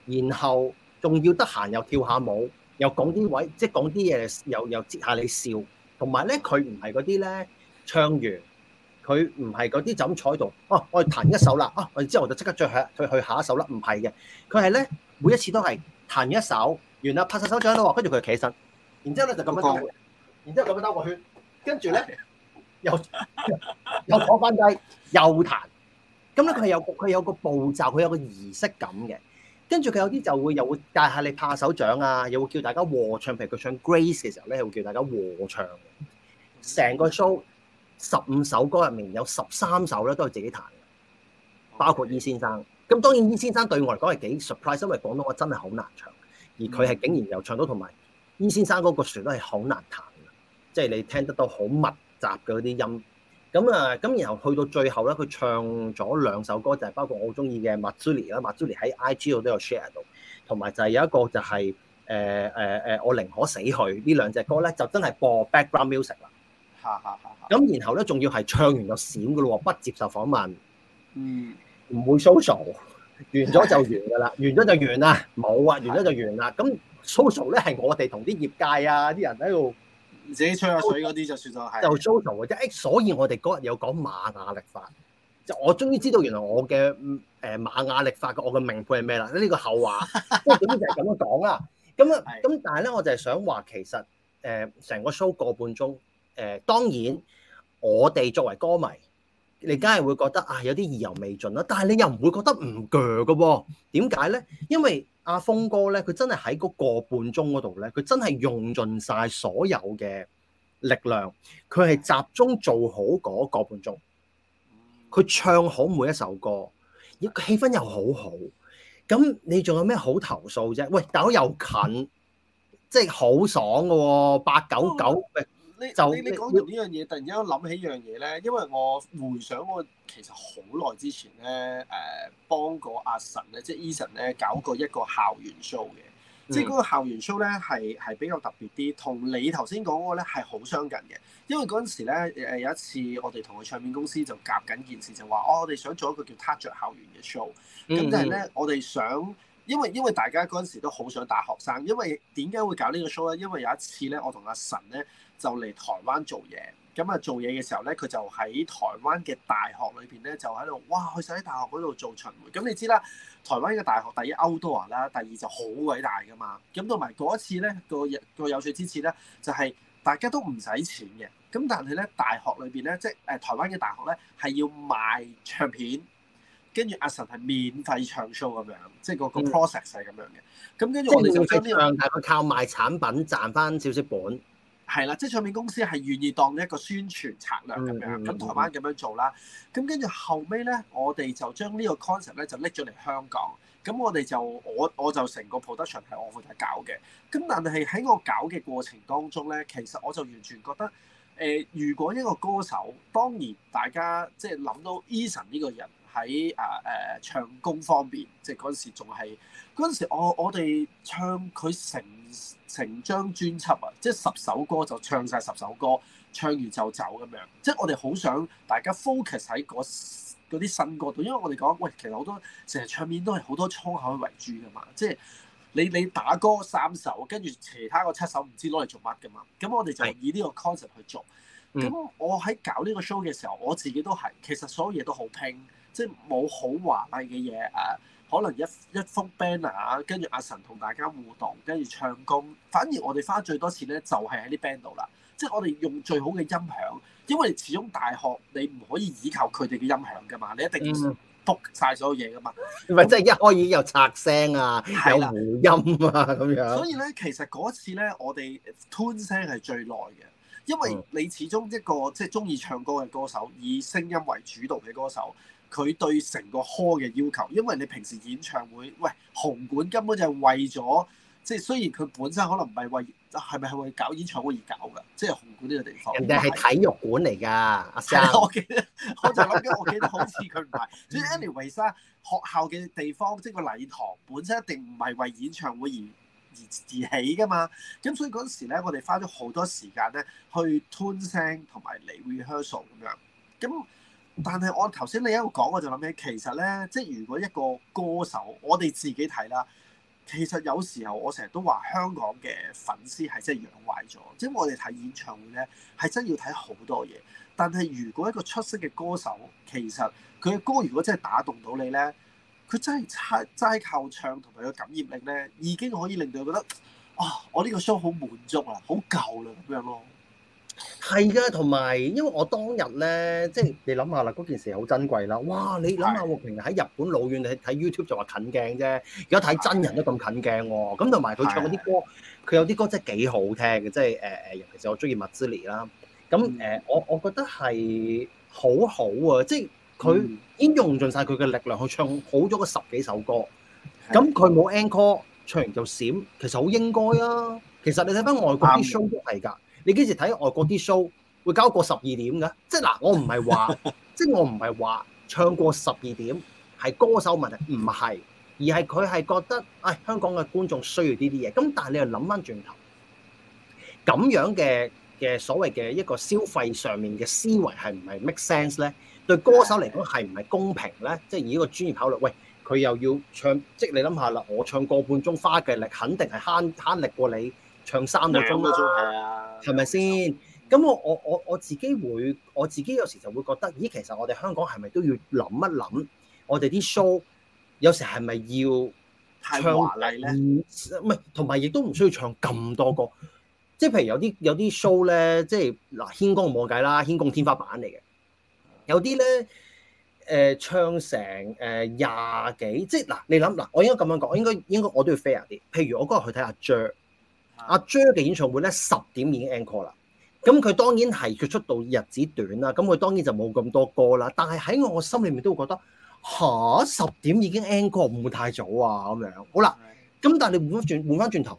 然後仲要得閒又跳下舞，又講啲位，即係講啲嘢又又接下你笑，同埋咧佢唔係嗰啲咧唱完。佢唔係嗰啲就咁坐喺度，哦、啊，我哋彈一首啦，哦、啊，我哋之後我就即刻再去去下一首啦。唔係嘅，佢係咧每一次都係彈一首，完啦拍曬手掌都咯，跟住佢就企起身，然之後咧就咁樣，然之後咁樣兜個圈，跟住咧又又坐返低，又彈。咁咧佢係有佢有個步驟，佢有個儀式感嘅。跟住佢有啲就會又會帶下你拍手掌啊，又會叫大家和唱。譬如佢唱 Grace 嘅時候咧，係會叫大家和唱。成個 show。十五首歌入面有十三首咧都係自己彈嘅，包括 E 先生。咁當然 E 先生對我嚟講係幾 surprise，因為廣東話真係好難唱，而佢係竟然又唱到，同埋 E 先生嗰個旋律係好難彈即係、就是、你聽得到好密集嘅嗰啲音。咁啊，咁然後去到最後咧，佢唱咗兩首歌，就是、包括我好中意嘅《Matsuri》啦，《Matsuri》喺 IG 度都有 share 到，同埋就係有一個就係誒誒誒，我寧可死去兩呢兩隻歌咧，就真係播 background music 啦。啊啊啊咁然後咧，仲要係唱完就閃噶咯喎，不接受訪問。嗯，唔會 social 完咗就完噶啦，完咗就完啦，冇啊，完咗就完啦。咁 social 咧係我哋同啲業界啊啲人喺度自己吹下水嗰啲就算啦，係就 social 即係，所以我哋嗰日有講馬雅曆法，就我終於知道原來我嘅誒馬雅曆法嘅我嘅名配係咩啦。呢個後話，即係咁就咁講啦。咁啊咁，但係咧我就係想話，其實誒成個 show 個半鐘。誒當然，我哋作為歌迷，你梗係會覺得啊、哎，有啲意猶未盡啦。但係你又唔會覺得唔鋸嘅喎？點解咧？因為阿、啊、風哥咧，佢真係喺嗰個半鐘嗰度咧，佢真係用盡晒所有嘅力量，佢係集中做好嗰個半鐘，佢唱好每一首歌，而氣氛又好好。咁你仲有咩好投訴啫？喂，但我又近，即係好爽嘅喎、哦，八九九。你就你你講到呢樣嘢，突然之間諗起樣嘢咧，因為我回想我其實好耐之前咧，誒、呃、幫過阿神咧，即係 Eason 咧搞過一個校園 show 嘅，即係嗰個校園 show 咧係係比較特別啲，同你頭先講嗰個咧係好相近嘅，因為嗰陣時咧誒有一次我哋同個唱片公司就夾緊件事，就話、哦、我哋想做一個叫 Touch 校園嘅 show，咁就係咧我哋想。因為因為大家嗰陣時都好想打學生，因為點解會搞呢個 show 咧？因為有一次咧，我同阿神咧就嚟台灣做嘢，咁啊做嘢嘅時候咧，佢就喺台灣嘅大學裏邊咧，就喺度哇，去曬喺大學嗰度做巡迴。咁你知啦，台灣嘅大學第一 outdoor 啦，第二就好鬼大㗎嘛。咁同埋嗰一次咧、個嘢個有趣之處咧，就係、是、大家都唔使錢嘅。咁但係咧，大學裏邊咧，即係誒台灣嘅大學咧，係要賣唱片。跟住阿神 i 係免費唱 show 咁樣，即係個個 process 係咁樣嘅。咁跟住我哋就將呢樣，大概靠賣產品賺翻少少本。係啦，即係唱片公司係願意當一個宣傳策略咁樣。咁、嗯嗯、台灣咁樣做啦。咁跟住後尾咧，我哋就將呢個 concept 咧就拎咗嚟香港。咁我哋就我我就成個 production 係我負責搞嘅。咁但係喺我搞嘅過程當中咧，其實我就完全覺得，誒、呃，如果一個歌手，當然大家即係諗到 Eason 呢個人。喺啊誒、啊、唱功方面，即係嗰陣時仲係嗰陣時我，我我哋唱佢成成張專輯啊，即係十首歌就唱晒十首歌，唱完就走咁樣。即係我哋好想大家 focus 喺嗰啲新歌度，因為我哋講喂，其實好多成日唱面都係好多粗口為主㗎嘛。即係你你打歌三首，跟住其他個七首唔知攞嚟做乜㗎嘛。咁我哋就以呢個 concept 去做。咁我喺搞呢個 show 嘅時候，我自己都係其實所有嘢都好拼。即係冇好華麗嘅嘢誒，可能一一幅 banner，跟住阿神同大家互動，跟住唱功。反而我哋花最多錢咧，就係喺啲 band 度、er、啦。即係我哋用最好嘅音響，因為始終大學你唔可以依靠佢哋嘅音響㗎嘛，你一定要 book 晒所有嘢㗎嘛。唔、嗯、麼即係一開已經有拆聲啊，的有迴音啊咁樣。所以咧，其實嗰次咧，我哋 tune 聲係最耐嘅，因為你始終一個即係中意唱歌嘅歌手，以聲音為主導嘅歌手。佢對成個 Hall 嘅要求，因為你平時演唱會，喂，紅館根本就係為咗，即係雖然佢本身可能唔係為，係咪係為搞演唱會而搞㗎？即係紅館呢個地方，人哋係體育館嚟㗎。阿生，我記得，我就諗緊，我記得好似佢唔係。 所以 anyway，學校嘅地方，即係個禮堂本身一定唔係為演唱會而而而起㗎嘛。咁所以嗰陣時咧，我哋花咗好多時間咧，去 tune 聲同埋嚟 rehearsal 咁樣。咁但係我頭先你一路講，我就諗起其實咧，即係如果一個歌手，我哋自己睇啦，其實有時候我成日都話香港嘅粉絲係真係養壞咗，即係我哋睇演唱會咧係真要睇好多嘢。但係如果一個出色嘅歌手，其實佢嘅歌如果真係打動到你咧，佢真係齋齋靠唱同埋佢嘅感染力咧，已經可以令到佢覺得，哦、啊，我呢個 show 好滿足啊，好夠啦咁樣咯。係噶，同埋，因為我當日咧，即係你諗下啦，嗰件事好珍貴啦。哇，你諗下，我平日喺日本老遠嚟睇 YouTube 就話近鏡啫，而家睇真人都咁近鏡喎。咁同埋佢唱嗰啲歌，佢有啲歌真係幾好聽嘅，即係誒誒，尤其是我中意麥之獵啦。咁誒、嗯，我我覺得係好好啊，即係佢已經用盡晒佢嘅力量去唱好咗個十幾首歌。咁佢冇 encore，唱完就閃，其實好應該啊。其實你睇翻外國啲 show 都係㗎。你幾時睇外國啲 show 會交過十二點嘅？即係嗱、啊，我唔係話， 即係我唔係話唱過十二點係歌手問題，唔係，而係佢係覺得誒、哎、香港嘅觀眾需要呢啲嘢。咁但係你又諗翻轉頭，咁樣嘅嘅所謂嘅一個消費上面嘅思維係唔係 make sense 咧？對歌手嚟講係唔係公平咧？即係以呢個專業考慮，喂，佢又要唱，即、就、係、是、你諗下啦，我唱個半鐘花嘅力，肯定係慳慳力過你。唱三個鐘都中係啊，係咪先？咁、嗯、我我我我自己會，我自己有時就會覺得，咦，其實我哋香港係咪都要諗一諗，我哋啲 show 有時係咪要唱華麗咧？唔係，同埋亦都唔需要唱咁多歌。即係譬如有啲有啲 show 咧，即係嗱，軒公冇計啦，軒公天花板嚟嘅。有啲咧，誒、呃、唱成誒廿幾，即係嗱，你諗嗱，我應該咁樣講，我應該應該我都要 fair 啲。譬如我嗰日去睇阿張。阿 Joe 嘅演唱會咧，十點已經 encore 啦。咁佢當然係佢出道日子短啦，咁佢當然就冇咁多歌啦。但係喺我心裏面都會覺得嚇，十、啊、點已經 encore 唔會太早啊咁樣。好啦，咁但係你換翻轉，換翻轉頭，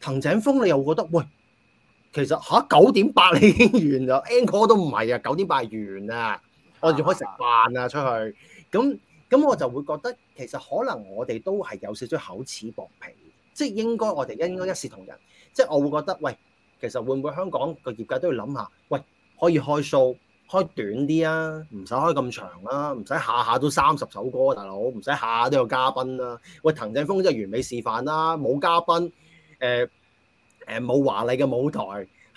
藤井風你又會覺得，喂，其實嚇九、啊、點八你已經完咗 encore 都唔係啊，九點八完啊，我要開食飯啊，出去。咁咁我就會覺得，其實可能我哋都係有少少口齒薄皮。即係應該，我哋應該一視同仁。即係我會覺得，喂，其實會唔會香港個業界都要諗下，喂，可以開 show，開短啲啊，唔使開咁長啦，唔使下下都三十首歌，大佬唔使下下都有嘉賓啦。喂，藤井風即係完美示範啦，冇嘉賓，誒誒冇華麗嘅舞台，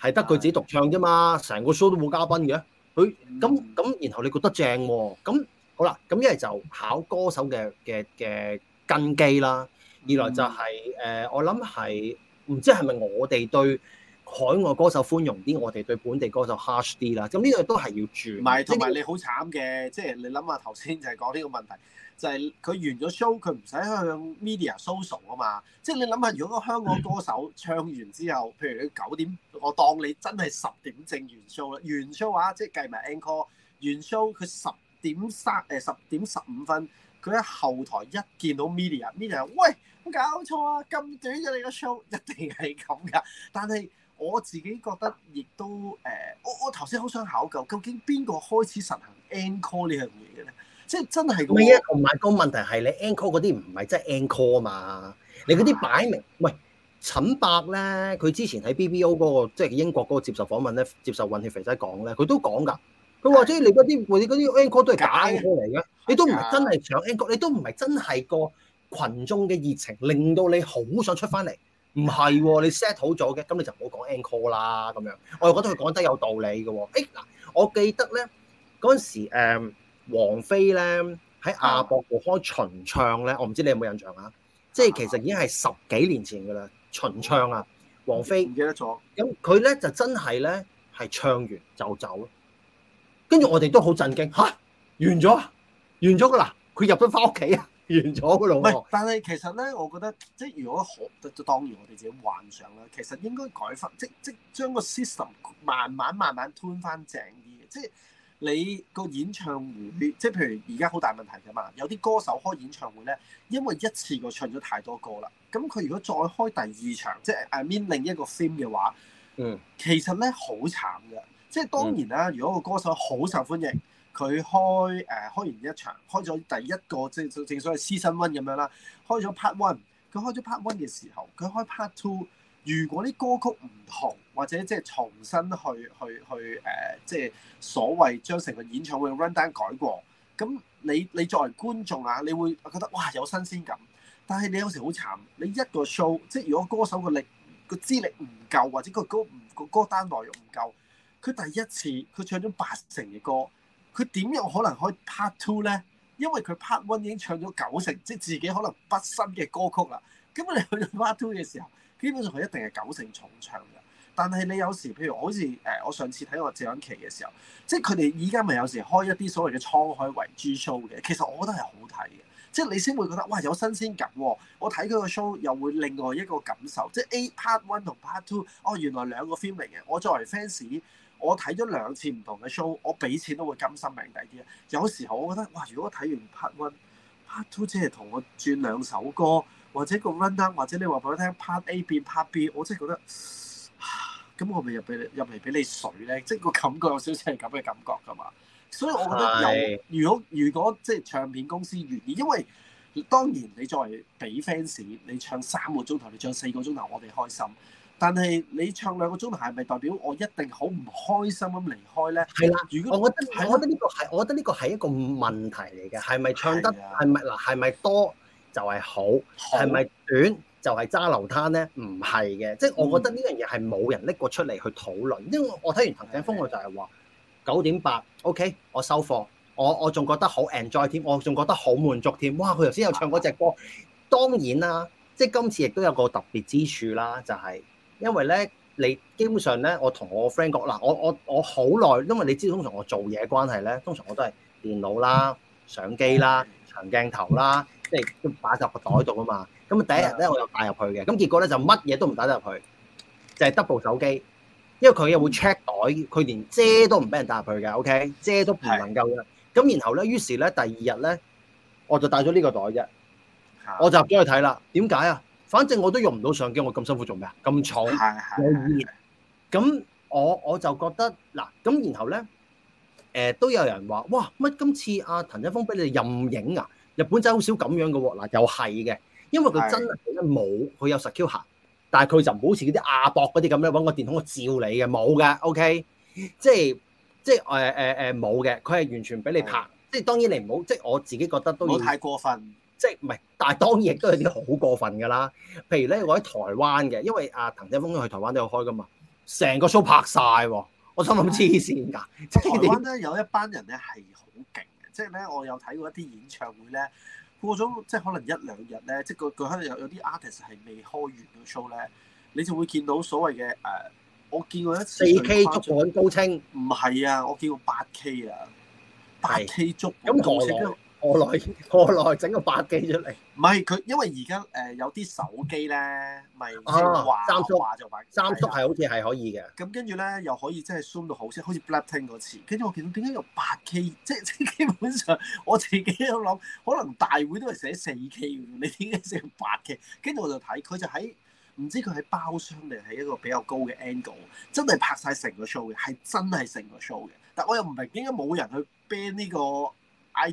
係得佢自己獨唱啫嘛，成個 show 都冇嘉賓嘅。佢咁咁，然後你覺得正喎？咁好啦，咁一係就考歌手嘅嘅嘅根基啦。二來就係、是、誒、呃，我諗係唔知係咪我哋對海外歌手寬容啲，我哋對本地歌手 harsh 啲啦。咁呢樣都係要轉。唔係，同埋你好慘嘅，即、就、係、是、你諗下頭先就係講呢個問題，就係、是、佢完咗 show，佢唔使向 media social 啊嘛。即、就、係、是、你諗下，如果香港歌手唱完之後， 譬如你九點，我當你真係十點正完 show 啦，完 show 話即係計埋 anchor 完 show，佢十點三誒十點十五分。佢喺後台一見到 Media，Media，喂，冇搞錯啊！咁短嘅，你個 show 一定係咁噶。但係我自己覺得亦都誒、呃，我我頭先好想考究，究竟邊個開始實行 encore 呢樣嘢嘅咧？即係真係咁、那個。唔係啊，同埋個問題係你 encore 嗰啲唔係真係 encore 啊嘛。你嗰啲擺明，喂陳伯咧，佢之前喺 BBO 嗰、那個即係、就是、英國嗰個接受訪問咧，接受混血肥仔講咧，佢都講㗎。佢或者你嗰啲，或者嗰啲 encore 都係假嘅嚟嘅，你都唔係真係唱 encore，你都唔係真係個群眾嘅熱情令到你好想出翻嚟，唔係喎，你 set 好咗嘅，咁你就唔好講 encore 啦咁樣。我又覺得佢講得有道理嘅喎、哦。誒、欸、嗱，我記得咧，嗰陣時，嗯、王菲咧喺亞博度開巡唱咧，啊、我唔知你有冇印象啊？即係其實已經係十幾年前嘅啦，巡唱啊，王菲唔記得咗。咁佢咧就真係咧係唱完就走。跟住我哋都好震驚吓，完咗，完咗噶啦，佢入咗翻屋企啊，完咗噶咯喎。但係其實咧，我覺得即係如果學，即當然我哋自己幻想啦。其實應該改翻，即即將個 system 慢慢慢慢吞 u 翻正啲嘅。即係你個演唱會，即係譬如而家好大問題噶嘛。有啲歌手開演唱會咧，因為一次過唱咗太多歌啦。咁佢如果再開第二場，即係誒面另一個 theme 嘅話，嗯，其實咧好慘噶。即係當然啦，如果個歌手好受歡迎，佢開誒、啊、開完一場，開咗第一個即正所謂 season one 咁樣啦，開咗 part one，佢開咗 part one 嘅時候，佢開 part two，如果啲歌曲唔同，或者即係重新去去去誒、啊，即係所謂將成個演唱會 run down 改過，咁你你作為觀眾啊，你會覺得哇有新鮮感，但係你有時好慘，你一個 show，即係如果歌手個力個資歷唔夠，或者個歌唔個歌單內容唔夠。佢第一次佢唱咗八成嘅歌，佢點有可能可以 part two 咧？因為佢 part one 已經唱咗九成，即係自己可能不深嘅歌曲啦。咁你去到 part two 嘅時候，基本上佢一定係九成重唱嘅。但係你有時譬如我好似誒，我上次睇過謝安琪嘅時候，即係佢哋依家咪有時開一啲所謂嘅《滄海為珠 show》嘅，其實我覺得係好睇嘅，即係你先會覺得哇有新鮮感、哦。我睇佢個 show 又會另外一個感受，即係 A part one 同 part two 哦，原來兩個 feeling 嘅。我作為 fans。我睇咗兩次唔同嘅 show，我俾錢都會甘心命抵啲。有時候我覺得，哇！如果睇完 part one、part two，即係同我轉兩首歌，或者個 run down 或者你話俾我聽 part A 變 part B，我真係覺得，咁我咪入俾入嚟俾你水咧？即係個感覺有少少係咁嘅感覺噶嘛。所以我覺得有如果如果即係唱片公司願意，因為當然你作為俾 fans，你唱三個鐘頭，你唱四個鐘頭，我哋開心。但係你唱兩個鐘頭係咪代表我一定好唔開心咁離開咧？係啦、啊。如果我覺得、啊、我覺得呢個係，我覺得呢個係一個問題嚟嘅。係咪唱得？係咪嗱？係咪多就係好？係咪好短就係揸流灘咧？唔係嘅，即係、嗯、我覺得呢樣嘢係冇人拎過出嚟去討論。嗯、因為我睇完、啊《藤井風》我就係話九點八，OK，我收貨。我我仲覺得好 enjoy 添，我仲覺得好滿足添。哇！佢頭先又唱嗰隻歌。當然啦，即係今次亦都有個特別之處啦，就係、是。因為咧，你基本上咧，我同我個 friend 講嗱，我我我好耐，因為你知道通常我做嘢關係咧，通常我都係電腦啦、相機啦、長鏡頭啦，即係都擺喺個袋度啊嘛。咁啊第一日咧，我就帶入去嘅，咁結果咧就乜嘢都唔帶得入去，就係得部手機。因為佢又會 check 袋，佢連遮都唔俾人帶入去嘅，OK，遮都唔能夠嘅。咁是的 然後咧，於是咧第二日咧，我就帶咗呢個袋啫，我就入咗去睇啦。點解啊？反正我都用唔到相機，我咁辛苦做咩啊？咁重，又熱，咁我我就覺得嗱，咁然後咧，誒、呃、都有人話哇乜今次阿藤井風俾你任影啊？日本仔好少咁樣嘅喎、啊，嗱又係嘅，因為佢真係冇，佢的有 secure，但係佢就唔好似嗰啲亞博嗰啲咁咧揾個電筒照你嘅冇嘅，OK，即係即係誒誒誒冇嘅，佢、呃、係、呃、完全俾你拍，的即係當然你唔好，即係我自己覺得都唔太過分。即係唔係？但係當然亦都有啲好過分㗎啦。譬如咧，我喺台灣嘅，因為阿、啊、藤井風兄喺台灣都有開㗎嘛。成個 show 拍晒喎，我心諗黐線㗎。啊、台灣咧有一班人咧係好勁嘅，即係咧我有睇過一啲演唱會咧，過咗即係可能一兩日咧，即係佢佢可能有有啲 artist 係未開完個 show 咧，你就會見到所謂嘅誒、呃，我見過一四 K 觸屏高清，唔係啊，我見過八 K 啊，八 K 觸屏。是何來何來整個八 K 出嚟，唔係佢，因為而家誒有啲手機咧，咪、啊、三速話就八 K，三速係好似係可以嘅。咁跟住咧又可以真係 zoom 到好遠，好似 BLACKPINK 嗰次。跟住我見到點解有八 K？即係基本上我自己都諗，可能大會都係寫四 K 你點解寫八 K？跟住我就睇，佢就喺唔知佢喺包廂嚟，係一個比較高嘅 angle，真係拍晒成個 show 嘅，係真係成個 show 嘅。但我又唔明點解冇人去 ban 呢個。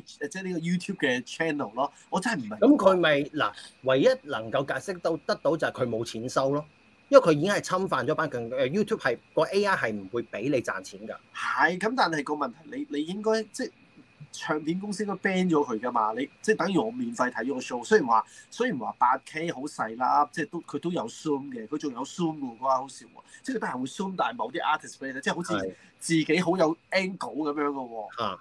即係呢個 YouTube 嘅 channel 咯，我真係唔係咁佢咪嗱，唯一能夠解釋到得到就係佢冇錢收咯，因為佢已經係侵犯咗班更誒 YouTube 係個 AI 係唔會俾你賺錢㗎。係咁，但係個問題，你你應該即係唱片公司都 ban 咗佢噶嘛？你即係等於我免費睇咗 show，雖然話雖然話八 K 好細啦，即係都佢都有 zoom 嘅，佢仲有 zoom 嘅，嗰下好笑喎，即佢都係會 zoom，但係某啲 artist 咧，即係是好似自己好有 angle 咁樣嘅喎。啊！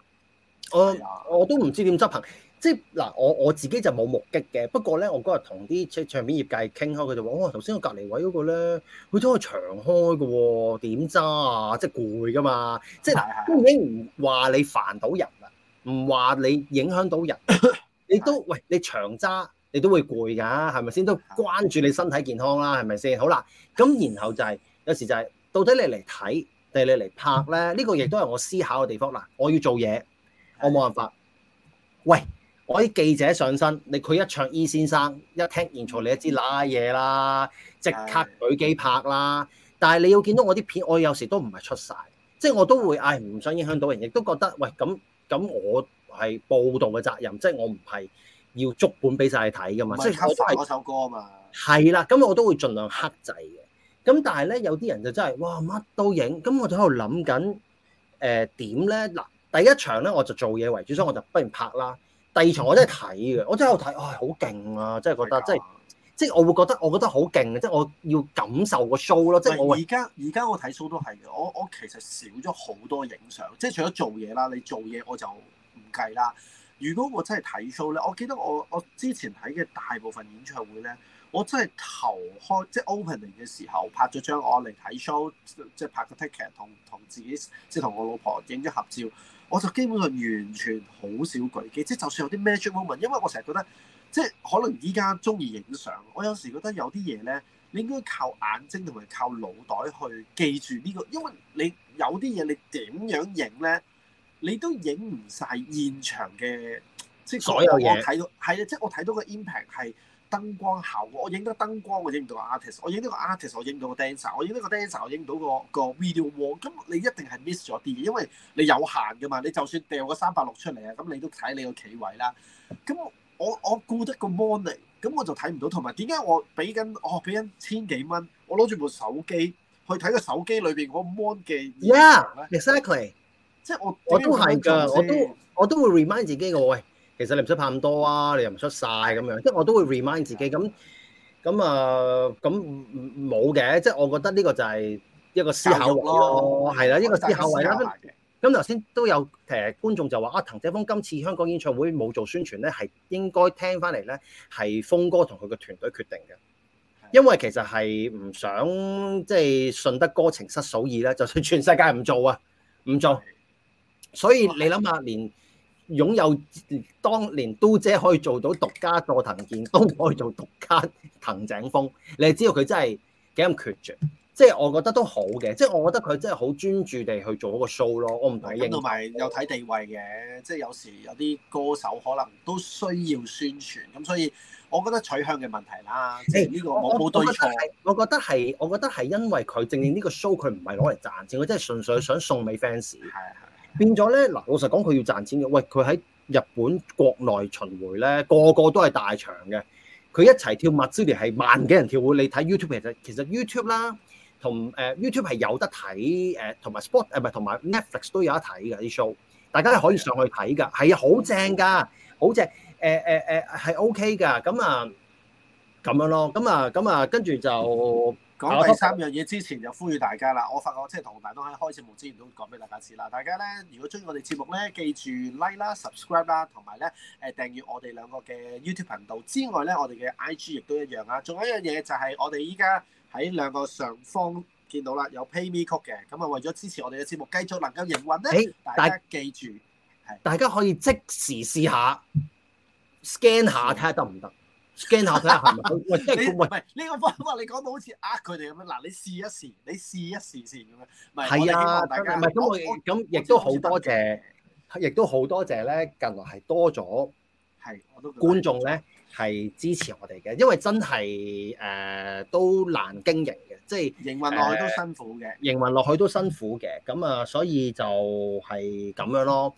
我我都唔知點執行，即係嗱，我我自己就冇目擊嘅。不過咧，我嗰日同啲唱片業界傾開，佢就話：，哦，頭先個隔離位嗰個咧，佢都係長開嘅喎，點揸啊？即係攰㗎嘛，即係都已經唔話你煩到人啊，唔話你影響到人， 你都喂你長揸，你都會攰㗎，係咪先？都關注你身體健康啦，係咪先？好啦，咁然後就係、是、有時就係、是、到底你嚟睇定係你嚟拍咧？呢、這個亦都係我思考嘅地方啦。我要做嘢。我冇辦法，喂！我啲記者上身，你佢一唱 E 先生，一聽現場你一知拉嘢啦，即刻舉機拍啦。但係你要見到我啲片，我有時都唔係出晒，即係我都會唉唔想影響到人，亦都覺得喂咁咁我係報道嘅責任，即係我唔係要足本俾晒你睇噶嘛，即係黑曬嗰首歌啊嘛。係啦，咁我都會盡量克制嘅。咁但係咧，有啲人就真係哇乜都影，咁我就喺度諗緊誒點咧嗱。呃第一場咧我就做嘢為主，所以我就不如拍啦。第二場我真係睇嘅，我真係有睇，唉、哎，好勁啊！真係覺得，的即係即係我會覺得，我覺得好勁嘅，即係我要感受個 show 咯是。即係我而家而家我睇 show 都係嘅，我我其實少咗好多影相，即係除咗做嘢啦，你做嘢我就唔計啦。如果我真係睇 show 咧，我記得我我之前睇嘅大部分演唱會咧，我真係頭開即係 opening 嘅時候拍咗張我嚟睇 show，即係拍個 ticket 同同自己即係同我老婆影咗合照。我就基本上完全好少舉機，即係就算有啲 magic moment，因為我成日覺得，即係可能依家中意影相，我有時覺得有啲嘢咧，你應該靠眼睛同埋靠腦袋去記住呢個，因為你有啲嘢你點樣影咧，你都影唔晒現場嘅，即係所有嘢。睇到係啊，即係我睇到個 impact 係。燈光效果，我影得燈光我，我影唔到 artist。我影呢個 artist，我影到個 dancer。我影呢個 dancer，我影到個到個,個 video wall 咁你一定係 miss 咗啲因為你有限噶嘛。你就算掉個三百六出嚟啊，咁你都睇你個企位啦。咁我我,我顧得個 mon，咁我就睇唔到。同埋點解我俾緊我俾緊千幾蚊？我攞住部手機去睇個手機裏邊個 mon 嘅，yeah，exactly。即係 Yeah, exactly. 我我都係㗎，我都我都會 remind 自己嘅喂。其實你唔使拍咁多啊，你又唔出晒咁樣，即係我都會 remind 自己咁咁啊，咁冇嘅，即係我覺得呢個就係一個思考咯、啊，係啦，一個的思考嚟、啊、啦。咁頭先都有誒觀眾就話啊，藤井風今次香港演唱會冇做宣傳咧，係應該聽翻嚟咧，係風哥同佢個團隊決定嘅，因為其實係唔想即係順得哥情失嫂意啦，就算全世界唔做啊，唔做，所以你諗下連～擁有當年都姐可以做到獨家坐藤健，都可以做獨家藤井風。你係知道佢真係幾咁決絕，即係我覺得都好嘅，即係我覺得佢真係好專注地去做嗰個 show 咯。我唔睇應。同埋有睇地位嘅，即係有時有啲歌手可能都需要宣傳，咁所以我覺得取向嘅問題啦，即係呢個我冇對錯我。我覺得係，我覺得係因為佢正正呢個 show，佢唔係攞嚟賺錢，佢真係純粹想送俾 fans。係變咗咧，嗱，老實講，佢要賺錢嘅。喂，佢喺日本國內巡迴咧，個個都係大場嘅。佢一齊跳 Matsuri 係萬幾人跳喎。你睇 YouTube，其實其實 YouTube 啦，同誒 YouTube 係有得睇誒，同埋 Sport 誒唔係同埋 Netflix 都有得睇嘅啲 show，大家可以上去睇㗎，係啊，好正㗎，好正誒誒誒，係 OK 㗎，咁啊，咁樣咯，咁啊，咁啊，跟住就。講第三樣嘢之前，就呼籲大家啦！我發覺即係同大東喺開節目之前都講俾大家知啦。大家咧，如果中意我哋節目咧，記住 like 啦、subscribe 啦，同埋咧誒訂閱我哋兩個嘅 YouTube 頻道之外咧，我哋嘅 IG 亦都一樣啊！仲有一樣嘢就係我哋依家喺兩個上方見到啦，有 PayMe Code 嘅咁啊，為咗支持我哋嘅節目，繼續能夠營運咧，欸、大家記住，係但是大家可以即時試,試 scan 下 scan 下睇下得唔得。看看行驚下睇下，唔係呢個方法你講到好似呃佢哋咁樣，嗱你試一試，你試一試先咁樣，唔係啊，大家唔咁亦都好多謝，亦都好多謝咧，近來係多咗，係我都觀眾咧係支持我哋嘅，因為真係誒都難經營嘅，即係營運落去都辛苦嘅，營運落去都辛苦嘅，咁啊所以就係咁樣咯，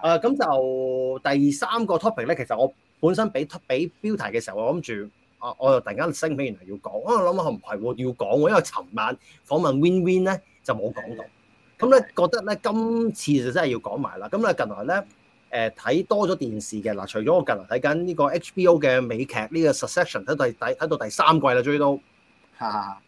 誒咁就第三個 topic 咧，其實我。本身俾俾標題嘅時候，我諗住啊，我又突然間升起原來要講，我諗下唔係喎，要講喎，因為尋晚訪問 Win Win 咧就冇講到，咁咧覺得咧今次就真係要講埋啦，咁咧近來咧誒睇多咗電視嘅嗱，除咗我近來睇緊呢個 HBO 嘅美劇呢個 Succession，睇第睇到第三季啦，終於都。哈哈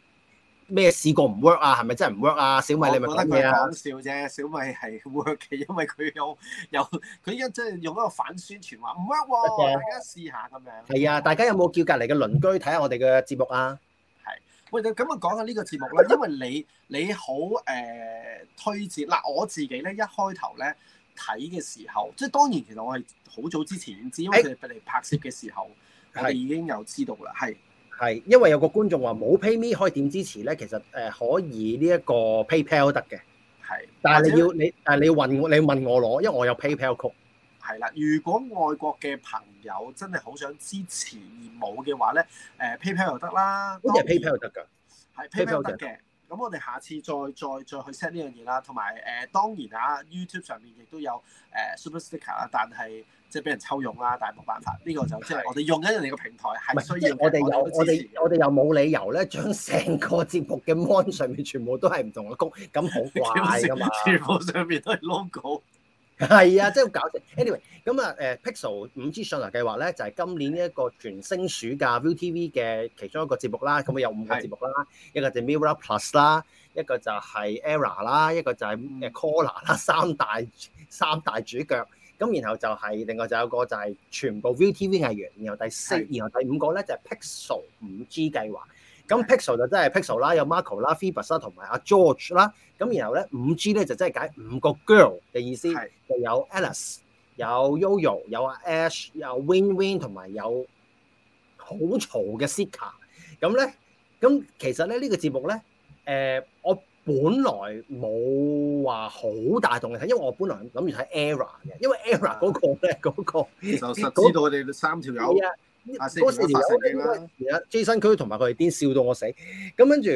咩試過唔 work 啊？係咪真係唔 work 啊？小米你咪覺得佢講笑啫！小米係 work 嘅，因為佢有有佢依家即係用一個反宣傳話唔 work 喎，啊、的大家試下咁樣。係啊的！的大家有冇叫隔離嘅鄰居睇下我哋嘅節目啊？係，喂，你咁啊講下呢個節目啦，因為你你好誒、呃、推薦嗱，我自己咧一開頭咧睇嘅時候，即係當然其實我係好早之前知，因為佢哋俾嚟拍攝嘅時候，我的已經有知道啦，係。係，因為有個觀眾話冇 PayMe 可以點支持咧，其實誒、呃、可以呢一個 PayPal 得嘅，係。但係你要你，但你要，你要問我，你要問我攞，因為我有 PayPal 曲。係啦，如果外國嘅朋友真係好想支持而冇嘅話咧，誒 PayPal 又得啦，都係 PayPal 又得㗎，係 PayPal 得嘅。咁我哋下次再再再去 set 呢樣嘢啦，同埋誒當然啊，YouTube 上面亦都有誒、呃、super sticker 啦，但係即係俾人抽用啦，但係冇辦法，呢、這個就即係我哋用緊人哋嘅平台係需要，我哋有我哋我哋又冇理由咧，將成個節目嘅 mon 上面全部都係唔同嘅工？咁好怪㗎嘛， 全部上面都係 logo。係 啊，即係好搞笑。anyway，咁啊誒 P1X3L 五 G 上台計劃咧，就係、是、今年呢一個全星暑假 ViuTV 嘅其中一個節目啦。咁啊有五個節目啦，是的 一個就係 Mirror Plus 啦，一個就係 ERROR 啦，一個就係嘅 Collar 啦，三大三大主角。咁然後就係另外就有一個就係全部 ViuTV 藝員，然後第四，是的 然後第五個咧就係、是、P1X3L 五 G 計劃。咁 Pixel 就真係 Pixel 啦，有 Marco 啦，Phoebus 啦，同埋阿 George 啦。咁然後咧，五 G 咧就真、是、係解五個 girl 嘅意思，是就有 Alice、有、嗯、Yoyo、有阿 Ash、有 Win Win 同埋有好嘈嘅 Sika 咁咧，咁其實咧呢、這個節目咧，誒、呃、我本來冇話好大動力睇，因為我本來諗住睇 ERA 嘅，因為 ERA 嗰、那個咧嗰、那個就實知道我哋三條友。四年有而家追身區，同埋佢哋癲笑到我死。咁跟住，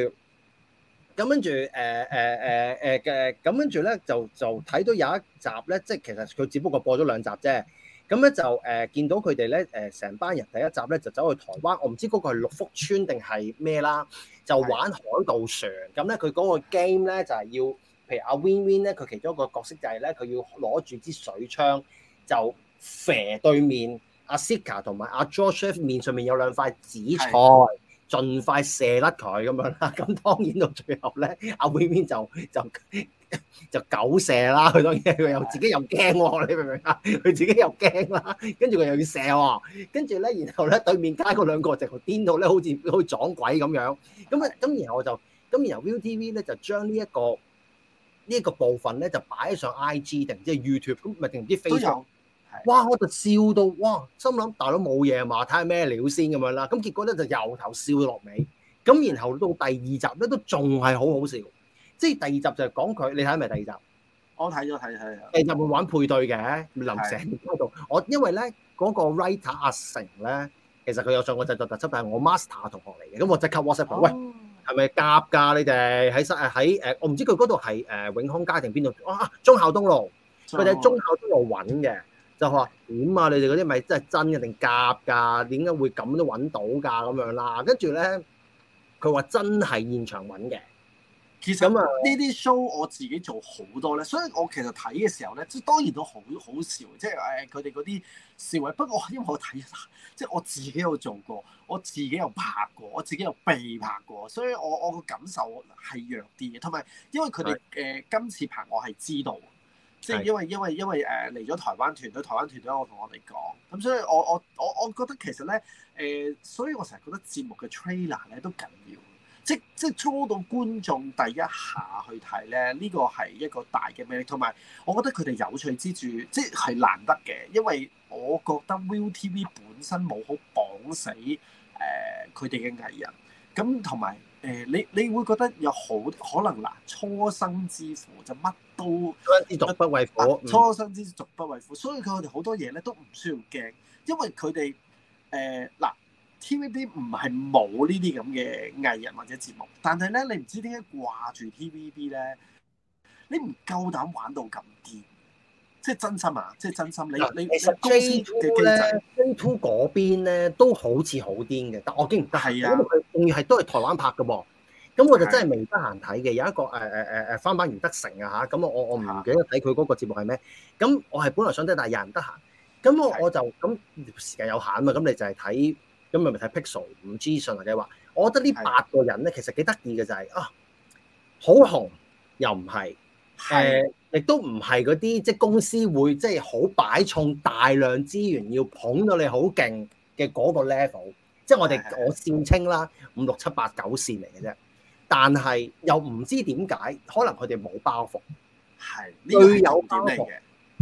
咁跟住誒誒誒誒嘅，咁跟住咧就就睇到有一集咧，即係其實佢只不過播咗兩集啫。咁咧就誒、呃、見到佢哋咧誒成班人第一集咧就走去台灣，我唔知嗰個係六福村定係咩啦，就玩海盜船。咁咧佢嗰個 game 咧就係、是、要，譬如阿 Win Win 咧，佢其中一個角色就係咧，佢要攞住支水槍就射對面。阿 Sika 同埋阿 George 面上面有兩塊紫菜，的盡快射甩佢咁樣啦。咁當然到最後咧，阿 Win 就就就,就狗射啦。佢當然佢又自己又驚喎，你明唔明啊？佢自己又驚啦，跟住佢又要射喎。跟住咧，然後咧對面街嗰兩個直頭顛到咧，好似好似撞鬼咁樣。咁啊，咁然後我就咁然後 ViuTV 咧就將呢一個呢一、呢個部分咧就擺上 IG 定唔知 YouTube 定唔知 Facebook。哇！我就笑到哇，心諗大佬冇嘢嘛，睇下咩料先咁樣啦。咁結果咧就由頭笑到落尾。咁然後到第二集咧都仲係好好笑。即係第二集就係講佢，你睇係咪第二集？我睇咗，睇咗，睇咗。誒入去玩配對嘅，淋成片喺度。我因為咧嗰個 writer 阿成咧，其實佢有上過製作特輯，但係我 master 同學嚟嘅。咁我即刻 WhatsApp 佢：喂，係咪夾㗎？你哋喺西喺誒？我唔知佢嗰度係誒永康街定邊度？啊啊，忠孝東路，佢哋喺忠孝東路揾嘅。就話點啊？你哋嗰啲咪真係真嘅定假㗎？點解會咁都揾到㗎咁樣啦？跟住咧，佢話真係現場揾嘅。其實咁啊，呢啲、嗯、show 我自己做好多咧，所以我其實睇嘅時候咧，即係當然都好好笑。即係誒，佢哋嗰啲笑位。不過因為我睇，即係我自己有做過，我自己有拍過，我自己有被拍過，所以我我嘅感受係弱啲嘅。同埋因為佢哋誒今次拍，我係知道。即係因為因為因為誒嚟咗台灣團隊，台灣團隊我同我哋講，咁所以我我我我覺得其實咧誒、呃，所以我成日覺得節目嘅 trailer 咧都緊要，即即捉到觀眾第一下去睇咧，呢、這個係一個大嘅魅力，同埋我覺得佢哋有趣之處，即係難得嘅，因為我覺得 ViuTV 本身冇好綁死誒佢哋嘅藝人，咁同埋。誒、呃，你你會覺得有好可能嗱，初生之犢，就乜都初生之犢不畏虎，初生之犢不畏虎，所以佢哋好多嘢咧都唔需要驚，因為佢哋誒嗱，TVB 唔係冇呢啲咁嘅藝人或者節目，但係咧你唔知點解掛住 TVB 咧，你唔夠膽玩到咁癲。即係真心啊！即係真心。你你其實 J Two 咧，J Two 嗰邊咧都好似好癲嘅，但我記唔得係啊！仲要係都係台灣拍嘅喎，咁我就真係未得閒睇嘅。的有一個誒誒誒誒翻版唔得成啊嚇！咁我我我唔記得睇佢嗰個節目係咩？咁我係本來想睇，但係有人得閒。咁我我就咁的時間有限啊嘛！咁你就係睇今日咪睇 P1X3L 5G 上台計劃。我覺得呢八個人咧，其實幾得意嘅就係、是、啊，好紅又唔係誒。的亦都唔係嗰啲，即係公司會即係好擺重大量資源，要捧到你好勁嘅嗰個 level 即。即係的我哋我線清啦，五六七八九線嚟嘅啫。但係又唔知點解，可能佢哋冇包袱。係的最有包袱，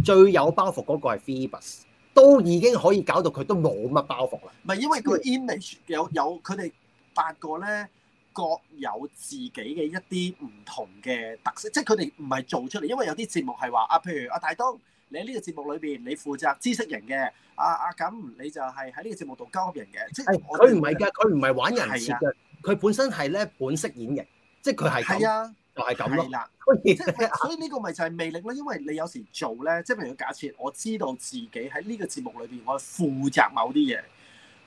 最有包袱嗰個係 Phoebus 都已經可以搞到佢都冇乜包袱啦。唔係的因為佢 image 有有佢哋八個咧。各有自己嘅一啲唔同嘅特色，即係佢哋唔係做出嚟，因為有啲節目係話啊，譬如阿、啊、大東，你喺呢個節目裏邊，你負責知識型嘅，啊，阿感、啊、你就係喺呢個節目度交合型嘅，即係佢唔係嘅，佢唔係玩人設嘅，佢、啊、本身係咧本色演員，即係佢係係啊，就係咁咯。係啦、啊，啊、 所以呢個咪就係魅力咯，因為你有時做咧，即係譬如假設我知道自己喺呢個節目裏邊，我負責某啲嘢。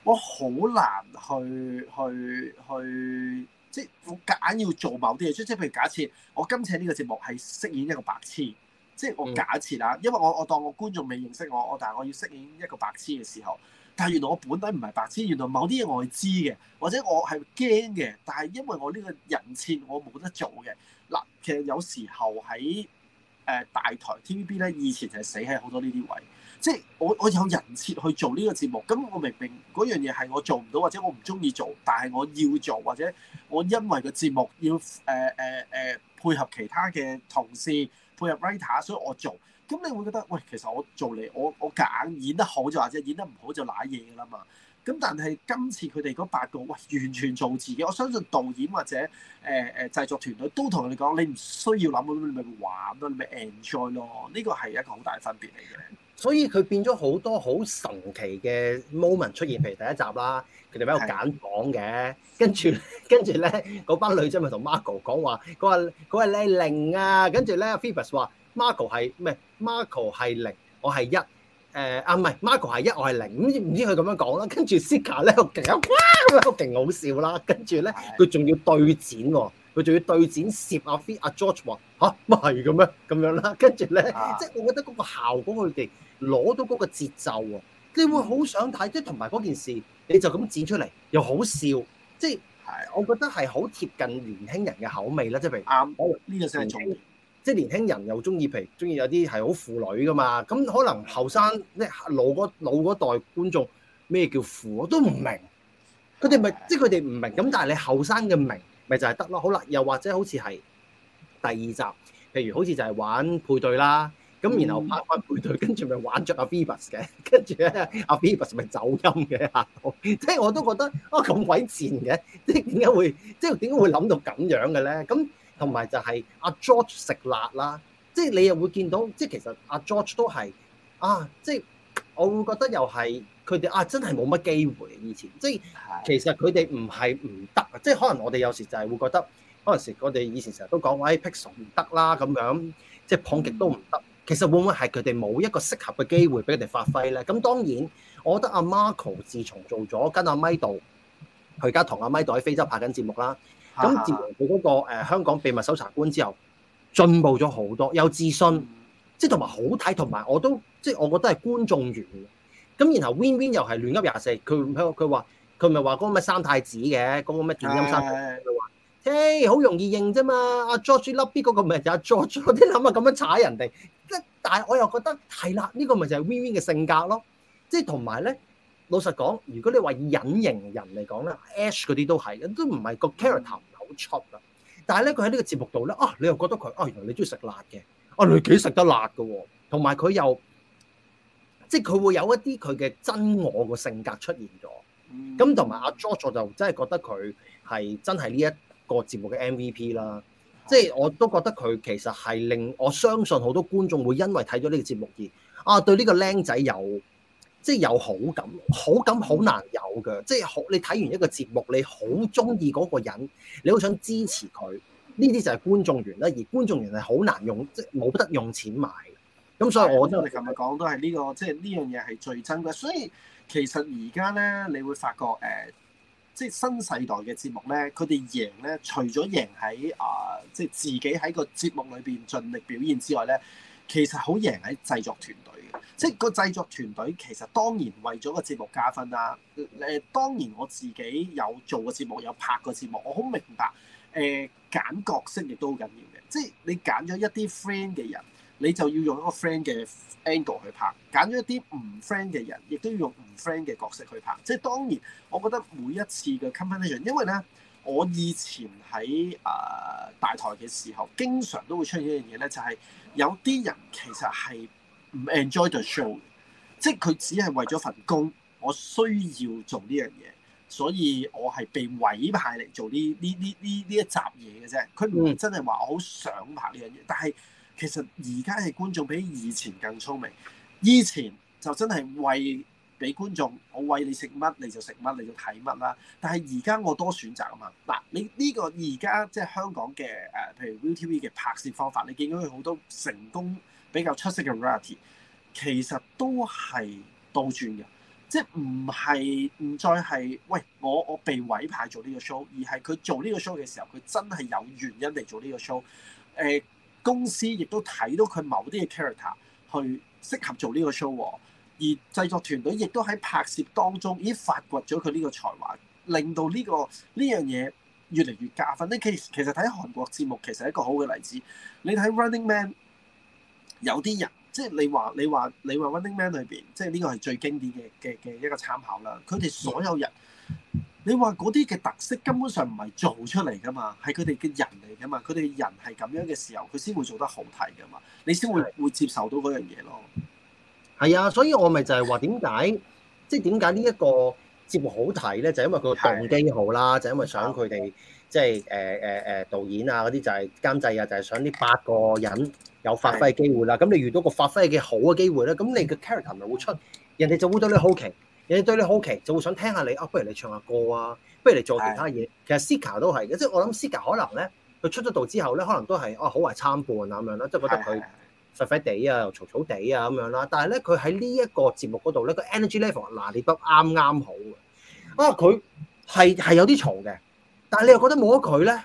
我好難去去去，即係我夾硬要做某啲嘢，即即係譬如假設我今次呢個節目係飾演一個白痴，即係我假設啦，嗯、因為我我當個觀眾未認識我，我但係我要飾演一個白痴嘅時候，但係原來我本底唔係白痴，原來某啲嘢我係知嘅，或者我係驚嘅，但係因為我呢個人設我冇得做嘅，嗱，其實有時候喺誒大台 TVB 咧，以前就係死喺好多呢啲位。即係我我有人設去做呢個節目，咁我明明嗰樣嘢係我做唔到或者我唔中意做，但係我要做，或者我因為個節目要誒誒誒配合其他嘅同事，配合 writer，所以我做，咁你會覺得，喂，其實我做嚟我我夾硬演得好就話啫，演得唔好就賴嘢㗎啦嘛。咁但係今次佢哋嗰八個，喂，完全做自己。我相信導演或者誒誒製作團隊都同佢哋講，你唔需要諗，你咪玩咯，你咪 enjoy 咯。呢個係一個好大分別嚟嘅。所以佢變咗好多好神奇嘅 moment 出現，譬如第一集啦，佢哋喺度揀榜嘅，跟住跟住咧，嗰班女仔咪同 Marco 講話，佢話佢話你係零啊，跟住咧 Phoebus 話 Marco 係咩？Marco 係零，我係一。誒、呃、啊，唔係 Marco 係一，我係零，唔知佢咁樣講啦。跟住 Sika 咧，個勁咁樣勁好笑啦。跟住咧，佢仲的要對剪喎，佢仲要對剪攝阿 Phil 阿 George 話吓，咪係嘅咩？咁、啊啊、樣啦。跟住咧，的即係我覺得嗰個效果，佢哋攞到嗰個節奏喎，你會好想睇。即係同埋嗰件事，你就咁剪出嚟，又好笑。即係的我覺得係好貼近年輕人嘅口味啦。即係譬如啱，呢個係即係年輕人又中意，譬如中意有啲係好腐女噶嘛？咁、嗯、可能後生，即係老嗰老嗰代觀眾咩叫腐，我都唔明。佢哋咪即係佢哋唔明，咁但係你後生嘅明，咪就係得咯。好啦，又或者好似係第二集，譬如好似就係玩配對啦，咁然後拍翻、嗯、配對，跟住咪玩着阿 Bibas 嘅，跟住咧阿 Bibas 咪走音嘅下度， 即係我都覺得啊咁鬼賤嘅，即係點解會即係點解會諗到咁樣嘅咧？咁。同埋就係阿 George 食辣啦，即係你又會見到，即係其實阿 George 都係啊，即係我會覺得又係佢哋啊，真係冇乜機會以前，即係其實佢哋唔係唔得嘅，即係可能我哋有時就係會覺得嗰陣時，我哋以前成日都講喂、哎、Pixel 唔得啦咁樣，即係捧極都唔得。其實會唔會係佢哋冇一個適合嘅機會俾佢哋發揮咧？咁當然，我覺得阿 Marco 自從做咗跟阿 Mido，佢而家同阿 Mido 喺非洲拍緊節目啦。咁自從佢嗰個香港秘密搜查官之後，進步咗好多，有自信，即係同埋好睇，同埋我都即係我覺得係觀眾緣。咁然後 Win Win 又係亂噏廿四，佢佢佢話佢咪係話嗰個咩三太子嘅，嗰、嗰個咩電音三太子佢話嘿好容易認啫嘛。阿、啊、George Lovey 嗰個咪就係 George 嗰啲諗啊咁樣踩人哋，即但係我又覺得係啦，呢、呢個咪就係 Win Win 嘅性格咯，即係同埋咧。老實講，如果你話以隱形人嚟講咧，Ash 嗰啲都係嘅，都唔係，個 character 唔係好出噶。但係咧，佢喺呢個節目度咧，啊，你又覺得佢，啊，原來你中意食辣嘅，啊，你幾食得辣噶、哦，同埋佢又，即係佢會有一啲佢嘅真我嘅性格出現咗。咁同埋阿 George 就真係覺得佢係真係呢一個節目嘅 MVP 啦。即係我都覺得佢其實係令我相信好多觀眾會因為睇咗呢個節目而啊，對呢個僆仔有。即係有好感，好感好難有嘅。即係好你睇完一個節目，你好中意嗰個人，你好想支持佢，呢啲就係觀眾緣啦。而觀眾緣係好難用，即係冇得用錢買。咁所以我覺得，我哋琴日講都係呢個，即係呢樣嘢係最真嘅。所以其實而家咧，你會發覺誒，即係新世代嘅節目咧，佢哋贏咧，除咗贏喺啊，即係自己喺個節目裏邊盡力表現之外咧，其實好贏喺製作團隊。即係、個製作團隊其實當然為咗個節目加分啦。誒、呃、當然我自己有做過節目，有拍過節目，我好明白。誒、呃、揀角色亦都好緊要嘅，即係你揀咗一啲 friend 嘅人，你就要用一個 friend 嘅 angle 去拍；揀咗一啲唔 friend 嘅人，亦都要用唔 friend 嘅角色去拍。即係當然，我覺得每一次嘅 conversation，因為咧，我以前喺啊、呃、大台嘅時候，經常都會出現一樣嘢咧，就係有啲人其實係。唔 enjoy the show，即係佢只係為咗份工，我需要做呢樣嘢，所以我係被委派嚟做呢呢呢呢一集嘢嘅啫。佢唔真係話我好想拍呢樣嘢，但係其實而家係觀眾比以前更聰明。以前就真係餵俾觀眾，我餵你食乜你就食乜，你就睇乜啦。但係而家我多選擇啊嘛。嗱，你呢個而家即係香港嘅誒、呃，譬如 ViuTV 嘅拍攝方法，你見到佢好多成功。比較出色嘅 variety 其實都係倒轉嘅，即係唔係唔再係喂，我我被委派做呢個 show，而係佢做呢個 show 嘅時候，佢真係有原因嚟做呢個 show、呃。誒公司亦都睇到佢某啲嘅 character 去適合做呢個 show，而製作團隊亦都喺拍攝當中已經發掘咗佢呢個才華，令到呢、呢個呢樣嘢越嚟越加分。呢其其實睇韓國節目其實係一個好嘅例子，你睇 Running Man。有啲人，即係你話你話你話《Running Man》裏邊，即係呢個係最經典嘅嘅嘅一個參考啦。佢哋所有人，你話嗰啲嘅特色根本上唔係做出嚟噶嘛，係佢哋嘅人嚟噶嘛。佢哋人係咁樣嘅時候，佢先會做得好睇噶嘛，你先會會接受到嗰樣嘢咯。係啊，所以我咪就係話點解，即係點解呢一個節目好睇咧？就係、因為佢個動機好啦，的就因為想佢哋即係誒誒誒導演啊嗰啲，就係監製啊，就係、係、想呢八個人，有發揮機會啦，咁你遇到個發揮嘅好嘅機會咧，咁你嘅 character 咪會出，人哋就會對你好奇，人哋對你好奇就會想聽下你，啊，不如你唱下歌啊，不如你做其他嘢，的其實 Sika 都係嘅，即係我諗 Sika 可能咧，佢出咗道之後咧，可能都係哦好壞參半咁樣啦，即係覺得佢肥肥地啊，嘈嘈地啊咁樣啦，但係咧佢喺呢一個節目嗰度咧，個 energy level 嗱、啊、你都啱啱好嘅，啊佢係係有啲嘈嘅，但係你又覺得冇咗佢咧。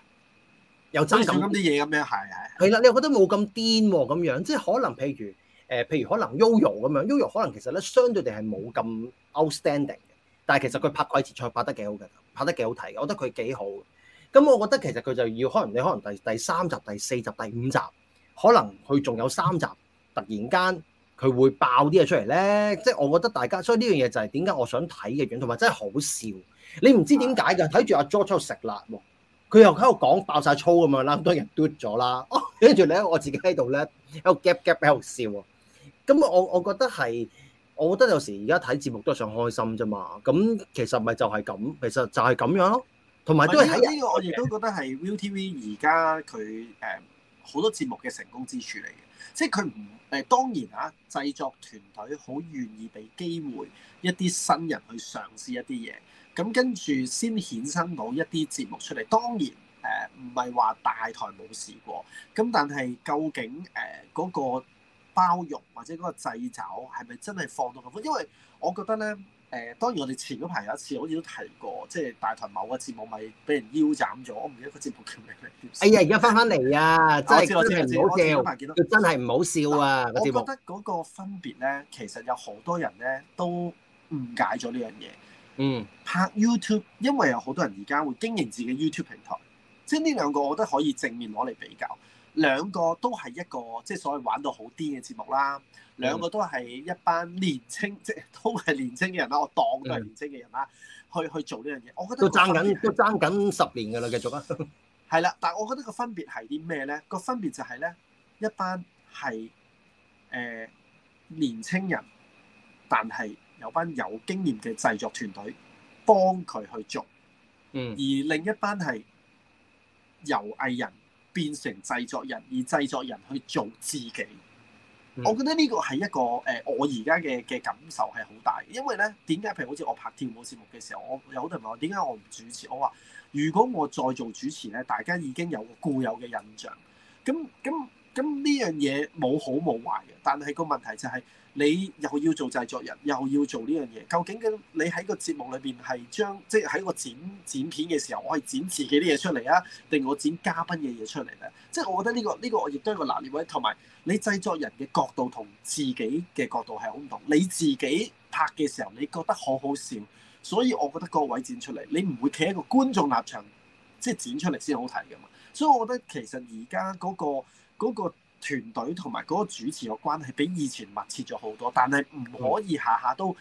有真金啲嘢咁樣，係係係啦。你又覺得冇咁癲喎，咁樣即係可能譬如誒、呃，譬如可能 Yoyo 咁樣，Yoyo 可能其實咧相對地係冇咁 outstanding 嘅。但係其實佢拍鬼節賽拍得幾好嘅，拍得幾好睇嘅，我覺得佢幾好。咁、嗯、我覺得其實佢就要可能你可能第三第三集、第四集、第五集，可能佢仲有三集，突然間佢會爆啲嘢出嚟咧。即係我覺得大家，所以呢樣嘢就係點解我想睇嘅樣，同埋真係好笑。你唔知點解嘅，睇住阿 Jojo 食辣喎。佢又喺度講爆晒粗咁樣啦，多人嘟咗啦，跟住咧我自己喺度咧喺度夾夾喺度笑啊！咁我我覺得係，我覺得有時而家睇節目都係想開心啫嘛。咁其實咪就係咁，其實就係咁樣咯。同埋都係睇呢個，我亦都覺得係 ViuTV 而家佢誒好多節目嘅成功之處嚟嘅，即係佢唔誒當然啊，製作團隊好願意俾機會一啲新人去嘗試一啲嘢。咁跟住先衍生到一啲節目出嚟。當然誒，唔係話大台冇試過。咁但係究竟誒嗰個包容或者嗰個製酒係咪真係放到咁？因為我覺得咧誒，當然我哋前嗰排有一次好似都提過，即係大台某個節目咪俾人腰斬咗。我唔記得個節目叫咩名。哎呀！而家翻翻嚟啊，真係唔好笑。我嗰排見到真係唔好笑啊！那我覺得嗰個分別咧，其實有好多人咧都誤解咗呢樣嘢。嗯，拍 YouTube，因為有好多人而家會經營自己 YouTube 平台，即係呢兩個我覺得可以正面攞嚟比較，兩個都係一個即係所謂玩到好癲嘅節目啦，兩個都係一班年青即係都係年青嘅人啦，我當都係年青嘅人啦、嗯，去去做呢樣嘢，我覺得都爭緊，都爭緊十年㗎啦，繼續啊，係 啦，但係我覺得個分別係啲咩咧？個分別就係咧，一班係誒年青人，但係。有班有經驗嘅製作團隊幫佢去做，嗯，而另一班係由藝人變成製作人，而製作人去做自己。嗯、我覺得呢個係一個誒、呃，我而家嘅嘅感受係好大，因為咧點解？譬如好似我拍跳舞節目嘅時候，我有啲人問我點解我唔主持，我話如果我再做主持咧，大家已經有個固有嘅印象，咁咁咁呢樣嘢冇好冇壞嘅，但係個問題就係、是。你又要做製作人，又要做呢樣嘢，究竟你喺個節目裏邊係將即係喺個剪剪片嘅時候，我係剪自己啲嘢出嚟啊，定我剪嘉賓嘅嘢出嚟咧？即係我覺得呢個呢個我亦都係個拿捏位，同埋你製作人嘅角度同自己嘅角度係好唔同。你自己拍嘅時候，你覺得好好笑，所以我覺得嗰位剪出嚟，你唔會企喺個觀眾立場，即係剪出嚟先好睇噶嘛。所以我覺得其實而家嗰個嗰個。嗰個團隊同埋嗰個主持嘅關係，比以前密切咗好多。但係唔可以下下都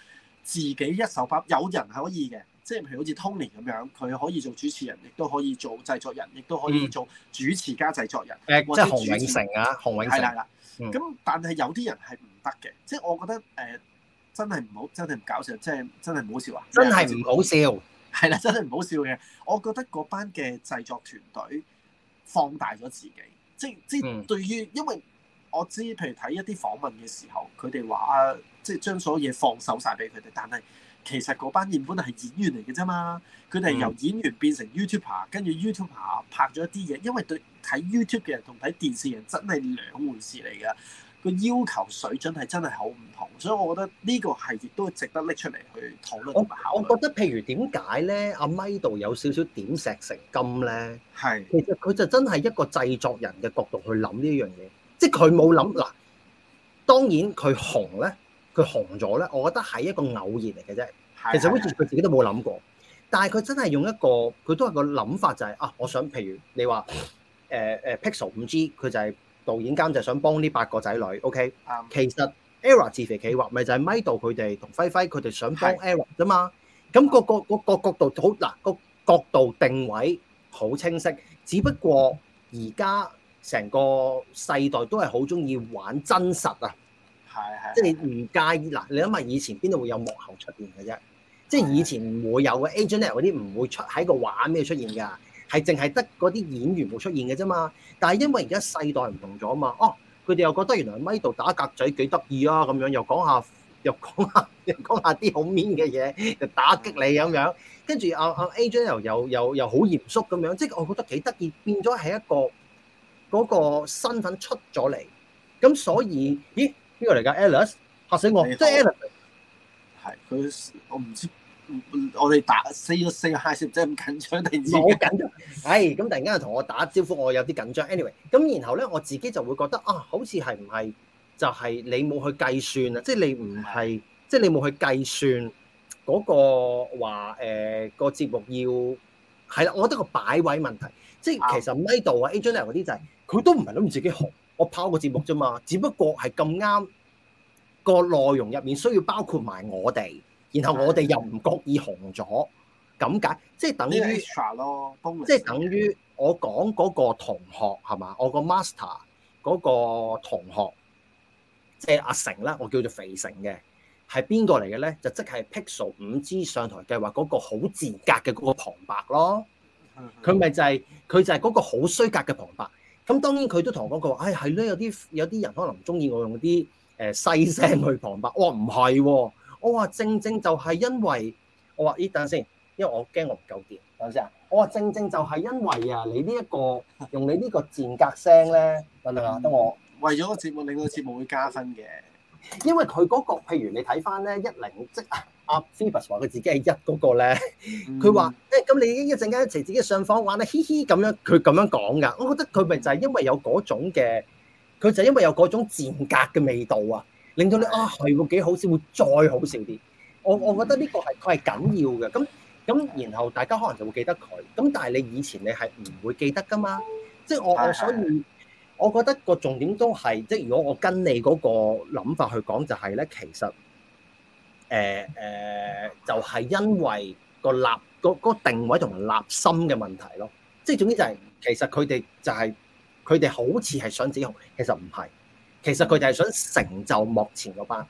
自己一手包。有人係可以嘅，即係譬如好似 Tony 咁樣，佢可以做主持人，亦都可以做製作人，亦都可以做主持加製作人。誒、嗯，主持即係洪永城啊，洪永城。係啦，係啦。咁、嗯、但係有啲人係唔得嘅，即係我覺得誒、呃，真係唔好，真係唔搞笑，真係真係唔好笑啊！真係唔好笑，係啦，真係唔好笑嘅。我覺得嗰班嘅製作團隊放大咗自己。即係，即係對於，因為我知，譬如睇一啲訪問嘅時候，佢哋話啊，即係將所有嘢放手晒俾佢哋。但係其實嗰班原本係演員嚟嘅啫嘛，佢哋係由演員變成 YouTuber，跟住 YouTuber 拍咗一啲嘢。因為對睇 YouTube 嘅人同睇電視人真係兩回事嚟㗎。個要求水準係真係好唔同，所以我覺得呢個係亦都值得拎出嚟去討論。我我覺得譬如點解咧，阿 Mike 度有少少點石成金咧，係是其實佢就真係一個製作人嘅角度去諗呢樣嘢，即係佢冇諗嗱。當然佢紅咧，佢紅咗咧，我覺得係一個偶然嚟嘅啫。其實好似佢自己都冇諗過，是是是但係佢真係用一個佢都係個諗法、就是，就係啊，我想譬如你話誒誒 P1X3L 五 G，佢就係、是。導演監就想幫呢八個仔女，OK？、Um, 其實 ERROR 自肥企畫咪就係麥導佢哋同輝輝佢哋想幫 ERROR 啫嘛。咁的個，個個個角度好嗱、個角度定位好清晰。只不過而家成個世代都係好中意玩真實啊。係係的。即係你唔介意嗱？的你諗下以前邊度會有幕後出現嘅啫？即係的以前唔會有嘅 agent 嗰啲唔會出喺個畫面出現㗎。係淨係得嗰啲演員冇出現嘅啫嘛，但係因為而家世代唔同咗啊嘛，哦佢哋又覺得原來咪度打格仔幾得意啊，咁樣又講下又講下又講下啲好 mean 嘅嘢，又打擊你咁樣，跟住啊啊 AJ 又又又又好嚴肅咁樣，即係我覺得幾得意，變咗係一個嗰個身份出咗嚟，咁所以咦邊個嚟㗎？Alice 嚇死我，即係 Alice 係佢我唔知。我哋打四個四個 guest 真係咁緊張，定自己緊張？係咁， 突然間又同我打招呼，我有啲緊張。Anyway，咁然後咧，我自己就會覺得啊，好似係唔係就係你冇去計算啊？即係你唔係，即係你冇去計算嗰個話誒個節目要係啦。我覺得個擺位問題，即係其實 model 啊、engineer 嗰啲就係佢都唔係諗住自己紅，我拋個節目咋嘛？只不過係咁啱個內容入面需要包括埋我哋。然後我哋又唔覺意紅咗，咁解，即係等於咯， 即係等於我講嗰個同學係嘛？我個 master 嗰個同學，即係、就是、阿成啦，我叫做肥成嘅，係邊個嚟嘅咧？就即係 Pixel 5G 上台計劃嗰個好字格嘅嗰個旁白咯，佢咪 就係、是、佢就係嗰個好衰格嘅旁白。咁當然佢都同我講過，唉、哎，係咯，有啲有啲人可能唔中意我用啲誒細聲去旁白，我唔係喎。我話正正就係因為我話，咦、欸、等陣先，因為我驚我唔夠電，等陣先啊！我話正正就係因為啊、這個，你呢一個用你呢個賤格聲咧，得唔得啊？得，我為咗個節目，你個節目會加分嘅，因為佢嗰、那個譬如你睇翻咧一零即啊，阿 Sirius 話佢自己係一嗰個咧，佢話誒咁你一陣間一齊自己上房玩咧、啊，嘻嘻咁樣，佢咁樣講噶，我覺得佢咪就係因為有嗰種嘅，佢就係因為有嗰種賤格嘅味道啊！令到你啊係會幾好笑，甚至會再好笑啲。我我覺得呢個係佢係緊要嘅。咁咁，然後大家可能就會記得佢。咁但係你以前你係唔會記得噶嘛？即係我我所以，我覺得個重點都係，即係如果我跟你嗰個諗法去講，就係咧，其實誒誒，就係因為個立個個定位同埋立心嘅問題咯。即係總之就係，其實佢哋就係佢哋好似係想自己，其實唔係。其實佢哋係想成就目前嗰班，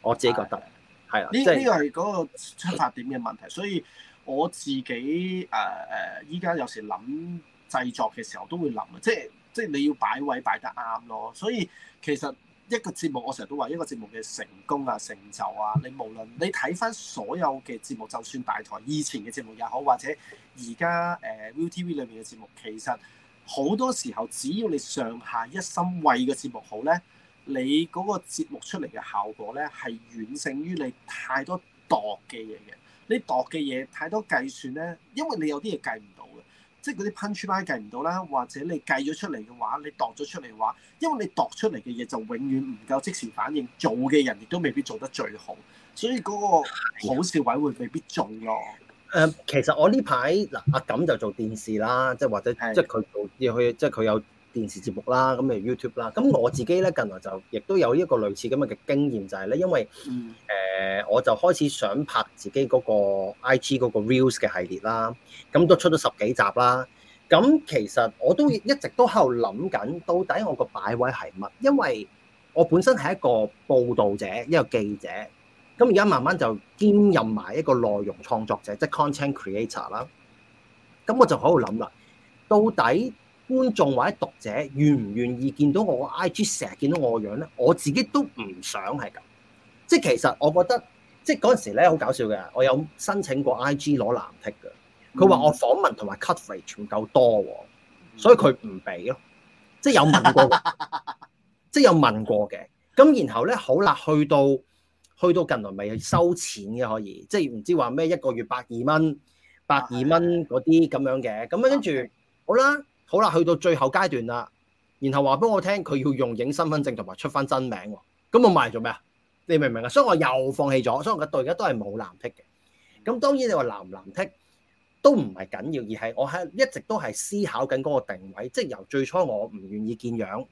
我自己覺得係啊。呢呢個係嗰個出發點嘅問題，所以我自己誒誒，依、呃、家有時諗製作嘅時候都會諗啊，即係即係你要擺位擺得啱咯。所以其實一個節目，我成日都話一個節目嘅成功啊、成就啊，你無論你睇翻所有嘅節目，就算大台以前嘅節目也好，或者而家誒 ViuTV 裏面嘅節目，其實好多時候只要你上下一心為個節目好咧。你嗰個節目出嚟嘅效果咧，係遠勝於你太多度嘅嘢嘅。你度嘅嘢太多計算咧，因為你有啲嘢計唔到嘅，即係嗰啲 punch line 計唔到啦，或者你計咗出嚟嘅話，你度咗出嚟嘅話，因為你度出嚟嘅嘢就永遠唔夠即時反應，做嘅人亦都未必做得最好，所以嗰個好笑位會未必中咯。誒、嗯，其實我呢排嗱，阿、啊、感就做電視啦，即係或者的即係佢做即係佢有。電視節目啦，咁咪 YouTube 啦。咁我自己咧，近來就亦都有一個類似咁樣嘅經驗，就係咧，因為誒、嗯呃、我就開始想拍自己嗰個 IG 嗰個 reels 嘅系列啦。咁都出咗十幾集啦。咁其實我都一直都喺度諗緊，到底我個擺位係乜？因為我本身係一個報導者，一個記者。咁而家慢慢就兼任埋一個內容創作者，即、就、係、是、content creator 啦。咁我就喺度諗啦，到底？觀眾或者讀者願唔願意見到我 IG 成日見到我個樣咧？我自己都唔想係咁，即係其實我覺得，即係嗰陣時咧好搞笑嘅。我有申請過 IG 攞藍剔嘅，佢話我訪問同埋 coverage 唔夠多，所以佢唔俾咯。即係有問過， 即係有問過嘅。咁然後咧，好啦，去到去到近來咪收錢嘅可以，即係唔知話咩一個月百二蚊、百二蚊嗰啲咁樣嘅。咁啊的跟住好啦。好啦，去到最後階段啦，然後話俾我聽，佢要用影身份證同埋出翻真名喎，咁、哦、我賣嚟做咩啊？你明唔明啊？所以我又放棄咗，所以我到而家都係冇藍剔嘅。咁當然你話藍唔藍剔都唔係緊要，而係我係一直都係思考緊嗰個定位，即係由最初我唔願意見樣，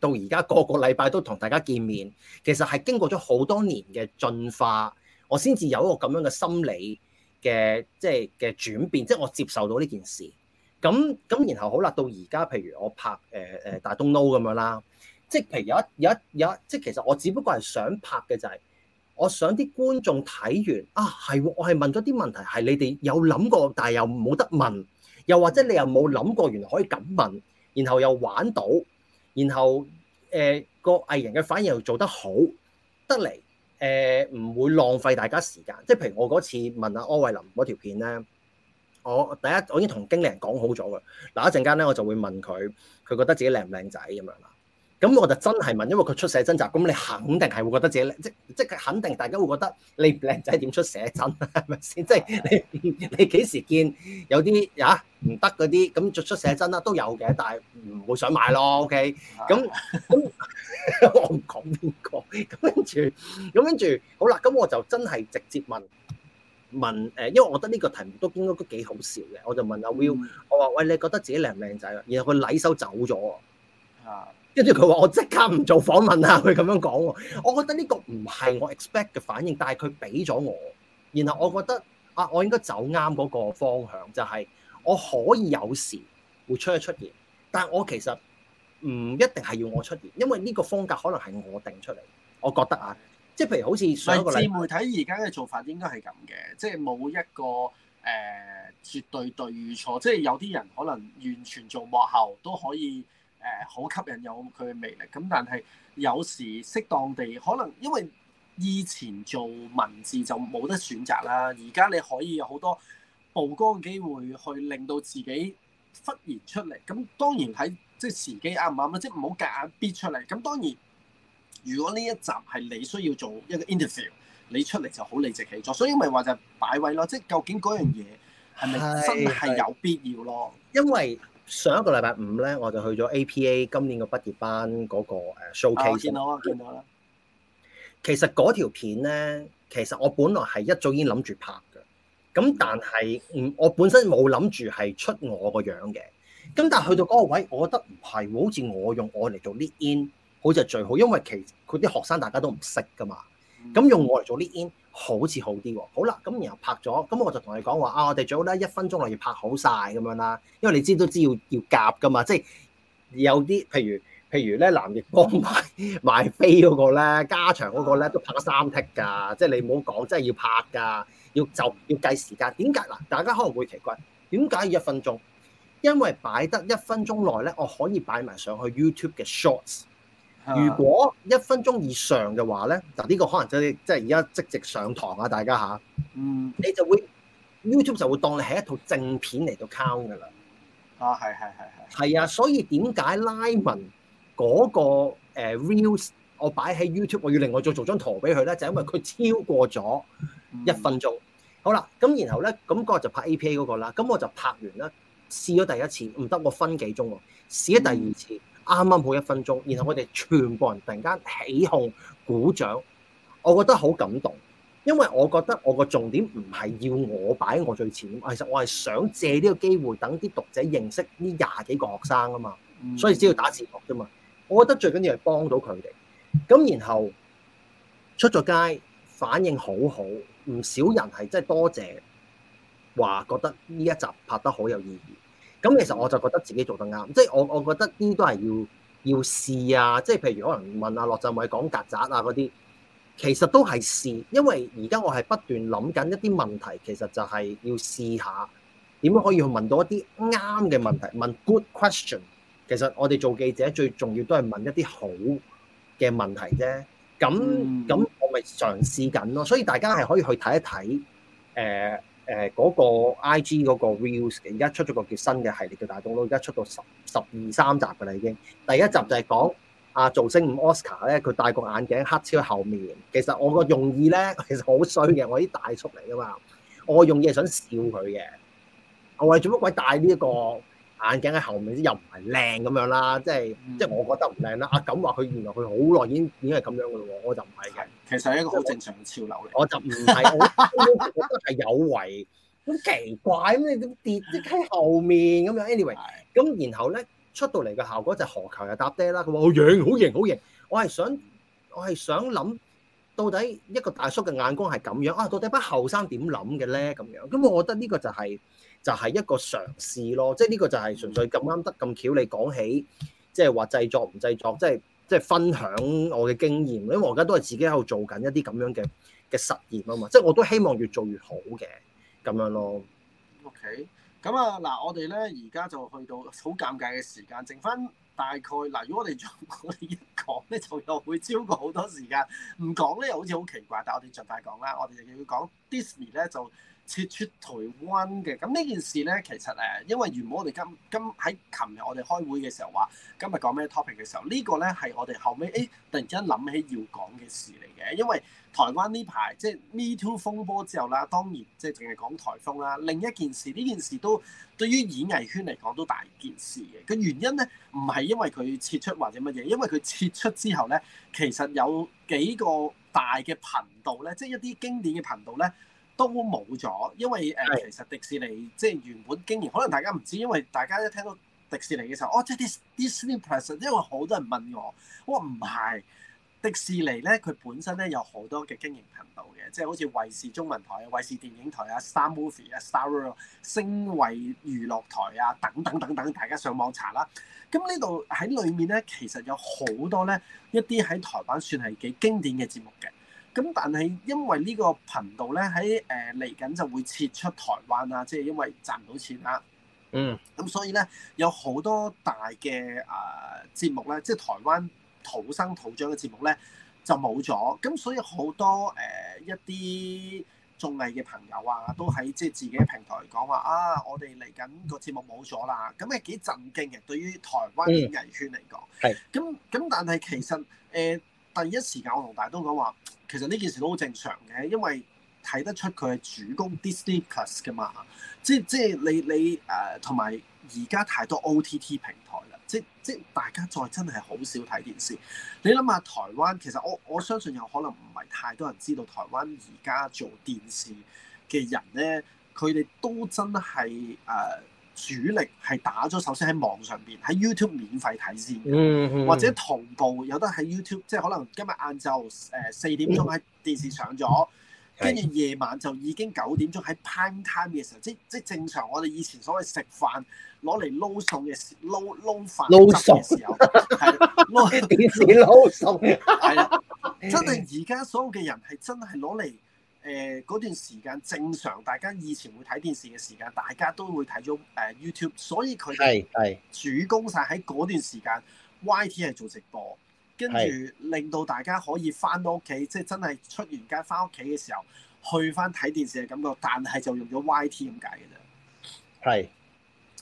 到而家個個禮拜都同大家見面，其實係經過咗好多年嘅進化，我先至有一個咁樣嘅心理嘅即係嘅轉變，即係我接受到呢件事。咁咁，然後好啦，到而家，譬如我拍誒誒、呃、大東 no 咁樣啦，即係譬如有一有一有一，即係其實我只不過係想拍嘅就係、是，我想啲觀眾睇完啊，係，我係問咗啲問題，係你哋有諗過，但係又冇得問，又或者你又冇諗過，原來可以咁問，然後又玩到，然後誒個、呃、藝人嘅反應又做得好得嚟，誒、呃、唔會浪費大家時間，即係譬如我嗰次問阿柯慧林嗰條片咧。我第一我已經同經理人講好咗嘅，嗱一陣間咧我就會問佢，佢覺得自己靚唔靚仔咁樣啦。咁我就真係問，因為佢出寫真集，咁你肯定係會覺得自己靚即即係肯定，大家會覺得你唔靚仔點出寫真，係咪先？即係的 你你幾時見有啲呀唔得嗰啲咁著出寫真啦都有嘅，但係唔會想買咯。OK，咁咁的 我唔講邊個，咁跟住咁跟住好啦，咁我就真係直接問。問誒，因為我覺得呢個題目都應該都幾好笑嘅，我就問阿 Will、嗯、我話：喂，你覺得自己靚唔靚仔啊？然後佢禮手走咗啊！跟住佢話：我即刻唔做訪問啦！佢咁樣講，我覺得呢個唔係我 expect 嘅反應，但係佢俾咗我。然後我覺得啊，我應該走啱嗰個方向，就係、是、我可以有時會出一出現，但係我其實唔一定係要我出現，因為呢個風格可能係我定出嚟，我覺得啊。即係譬如好似文字媒體而家嘅做法應該係咁嘅，即係冇一個誒、呃、絕對對與錯，即係有啲人可能完全做幕後都可以誒好、呃、吸引有佢嘅魅力。咁但係有時適當地，可能因為以前做文字就冇得選擇啦，而家你可以有好多曝光機會去令到自己忽然出嚟。咁當然喺即係時機啱唔啱啦，即係唔好夾硬逼出嚟。咁當然。如果呢一集係你需要做一個 interview，你出嚟就好理直氣壯，所以咪話就擺位咯。即係究竟嗰樣嘢係咪真係有必要咯？因為上一個禮拜五咧，我就去咗 APA 今年嘅畢業班嗰個 showcase 先咯，啊，見到啦。到其實嗰條片咧，其實我本來係一早已經諗住拍嘅，咁但係我本身冇諗住係出我個樣嘅。咁但係去到嗰個位，我覺得唔係，好似我用我嚟做 lead in。好就最好，因為其佢啲學生大家都唔識噶嘛。咁用我嚟做 l e in 好似好啲喎。好啦，咁然後拍咗，咁我就同你講話啊，我哋最好咧一分鐘內要拍好晒咁樣啦。因為你知都知要要夾噶嘛，即係有啲譬如譬如咧，藍月光賣賣飛嗰個咧，加長嗰個咧都拍咗三剔 i 㗎，即係你唔好講，真係要拍㗎，要就要計時間。點解嗱？大家可能會奇怪，點解要一分鐘？因為擺得一分鐘內咧，我可以擺埋上去 YouTube 嘅 shots。如果一分鐘以上嘅話咧，嗱，呢個可能就即係而家即席上堂啊，大家嚇，嗯，你就會 YouTube 就會當你係一套正片嚟到 count 噶啦，啊、哦，係係係係，係啊，所以點解拉文嗰個 reels 我擺喺 YouTube，我要另外再做，做張圖俾佢咧，就係、因為佢超過咗一分鐘。嗯、好啦，咁然後咧，咁嗰個就拍 APA 嗰個啦，咁我就拍完啦，試咗第一次唔得，我分幾鐘喎，試咗第二次。嗯啱啱好一分鐘，然後我哋全部人突然間起哄鼓掌，我覺得好感動，因為我覺得我個重點唔係要我擺喺我最前，其實我係想借呢個機會等啲讀者認識呢廿幾個學生啊嘛，所以先要打字幕啫嘛。我覺得最緊要係幫到佢哋，咁然後出咗街反應好好，唔少人係真係多謝，話覺得呢一集拍得好有意義。咁、嗯、其實我就覺得自己做得啱、嗯，即係我我覺得呢都係要要試啊！即、就、係、是、譬如可能問阿樂鎮偉講曱甴啊嗰啲，其實都係試，因為而家我係不斷諗緊一啲問題，其實就係要試下點樣可以去問到一啲啱嘅問題，問 good question。其實我哋做記者最重要都係問一啲好嘅問題啫。咁咁我咪嘗試緊咯。所以大家係可以去睇一睇誒。呃誒嗰個 I.G 嗰個 reels，而家出咗個叫新嘅系列叫大東咯，而家出到十十二三集㗎啦已經。第一集就係講啊、造星五 Oscar 咧，佢戴個眼鏡黑超後面。其實我個用意咧，其實好衰嘅，我啲大叔嚟㗎嘛，我用意係想笑佢嘅。我話做乜鬼戴呢、這、一個？眼鏡喺後面，又唔係靚咁樣啦，即係即係我覺得唔靚啦。阿感話佢原來佢好耐已經已經係咁樣噶咯喎，我就唔係嘅。其實係一個好正常嘅潮流嚟。我就唔係，我覺得係有為好奇怪咁，你點跌即喺後面咁樣，anyway，咁然後咧出到嚟嘅效果就何求又搭爹啦。佢話我樣好型好型，我係想我係想諗。到底一個大叔嘅眼光係咁樣啊？到底一班後生點諗嘅咧？咁樣咁，我覺得呢個就係就係一個嘗試咯。即係呢個就係純粹咁啱得咁巧，你講起即係話製作唔製作，即係即係分享我嘅經驗。因為我而家都係自己喺度做緊一啲咁樣嘅嘅實驗啊嘛。即係我都希望越做越好嘅咁樣咯。OK，咁啊嗱，我哋咧而家就去到好尷尬嘅時間，剩翻。大概嗱，如果我哋一講咧，就又會超過好多時間。唔講咧，又好似好奇怪。但係我哋盡快講啦，我哋就要講 Disney 咧就。撤出台灣嘅，咁呢件事咧，其實誒，因為原本我哋今今喺琴日我哋開會嘅時候話，今日講咩 topic 嘅時候，這個、呢個咧係我哋後尾誒、欸、突然之間諗起要講嘅事嚟嘅，因為台灣呢排即係 Me Too 風波之後啦，當然即係淨係講台風啦。另一件事，呢件事都對於演藝圈嚟講都大件事嘅。個原因咧，唔係因為佢撤出或者乜嘢，因為佢撤出之後咧，其實有幾個大嘅頻道咧，即係一啲經典嘅頻道咧。都冇咗，因為誒、呃、其實迪士尼即係原本經營，可能大家唔知，因為大家一聽到迪士尼嘅時候，哦，即係啲 Disney Plus，因為好多人問我，我話唔係迪士尼咧，佢本身咧有好多嘅經營頻道嘅，即係好似衞視中文台啊、衞視電影台啊、Star Movie 啊、Star World 星衛娛樂台啊等等等等等等，大家上網查啦。咁呢度喺裡面咧，其實有好多咧一啲喺台灣算係幾經典嘅節目嘅。咁但係因為呢個頻道咧喺誒嚟緊就會撤出台灣啊，即係因為賺唔到錢啦。嗯。咁所以咧有好多大嘅啊、呃、節目咧，即係台灣土生土長嘅節目咧就冇咗。咁所以好多誒、呃、一啲綜藝嘅朋友啊，都喺即係自己嘅平台講話啊，我哋嚟緊個節目冇咗啦。咁係幾震驚嘅，對於台灣演藝圈嚟講。係、嗯。咁咁，但係其實誒。呃但一時間我同大家都講話，其實呢件事都好正常嘅，因為睇得出佢係主攻 Disney+ 嘅嘛，即即係你你誒同埋而家太多 OTT 平台啦，即即大家再真係好少睇電視。你諗下台灣，其實我我相信有可能唔係太多人知道台灣而家做電視嘅人咧，佢哋都真係誒。呃主力係打咗，首先喺網上邊，喺 YouTube 免費睇先嘅，或者同步有得喺 YouTube，即係可能今日晏晝誒四點鐘喺電視上咗，跟住夜晚就已經九點鐘喺 Prime Time 嘅時候，即即正常我哋以前所謂食飯攞嚟撈餸嘅撈撈飯撈餸嘅時候，係攞喺電視撈餸傻，係啦，真係而家所有嘅人係真係攞嚟。誒，嗰、呃、段時間正常，大家以前會睇電視嘅時間，大家都會睇咗誒 YouTube，所以佢係係主攻晒喺嗰段時間。是 YT 係做直播，跟住是令到大家可以翻到屋企，即係真係出完街翻屋企嘅時候，去翻睇電視嘅感覺。但係就用咗 YT 咁解嘅啫，係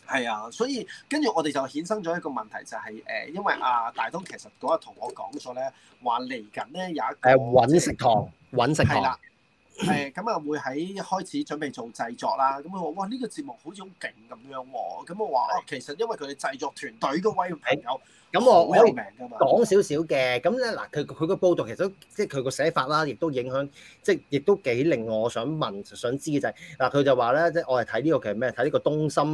係是啊。所以跟住我哋就衍生咗一個問題，就係、是、誒、呃，因為啊大東其實嗰日同我講咗咧，話嚟緊咧有一個誒揾食堂，揾食係啦。誒咁啊，會喺開始準備做製作啦。咁我話：哇，呢、呢個節目好似好勁咁樣喎。咁我話：的其實因為佢哋製作團隊嘅威唔夠，咁我可嘛，講少少嘅。咁咧嗱，佢佢個報導其實即係佢個寫法啦，亦都影響，即係亦都幾令我想問、想知嘅就係、係、嗱，佢就話咧，即係我係睇呢個其實咩？睇呢個東森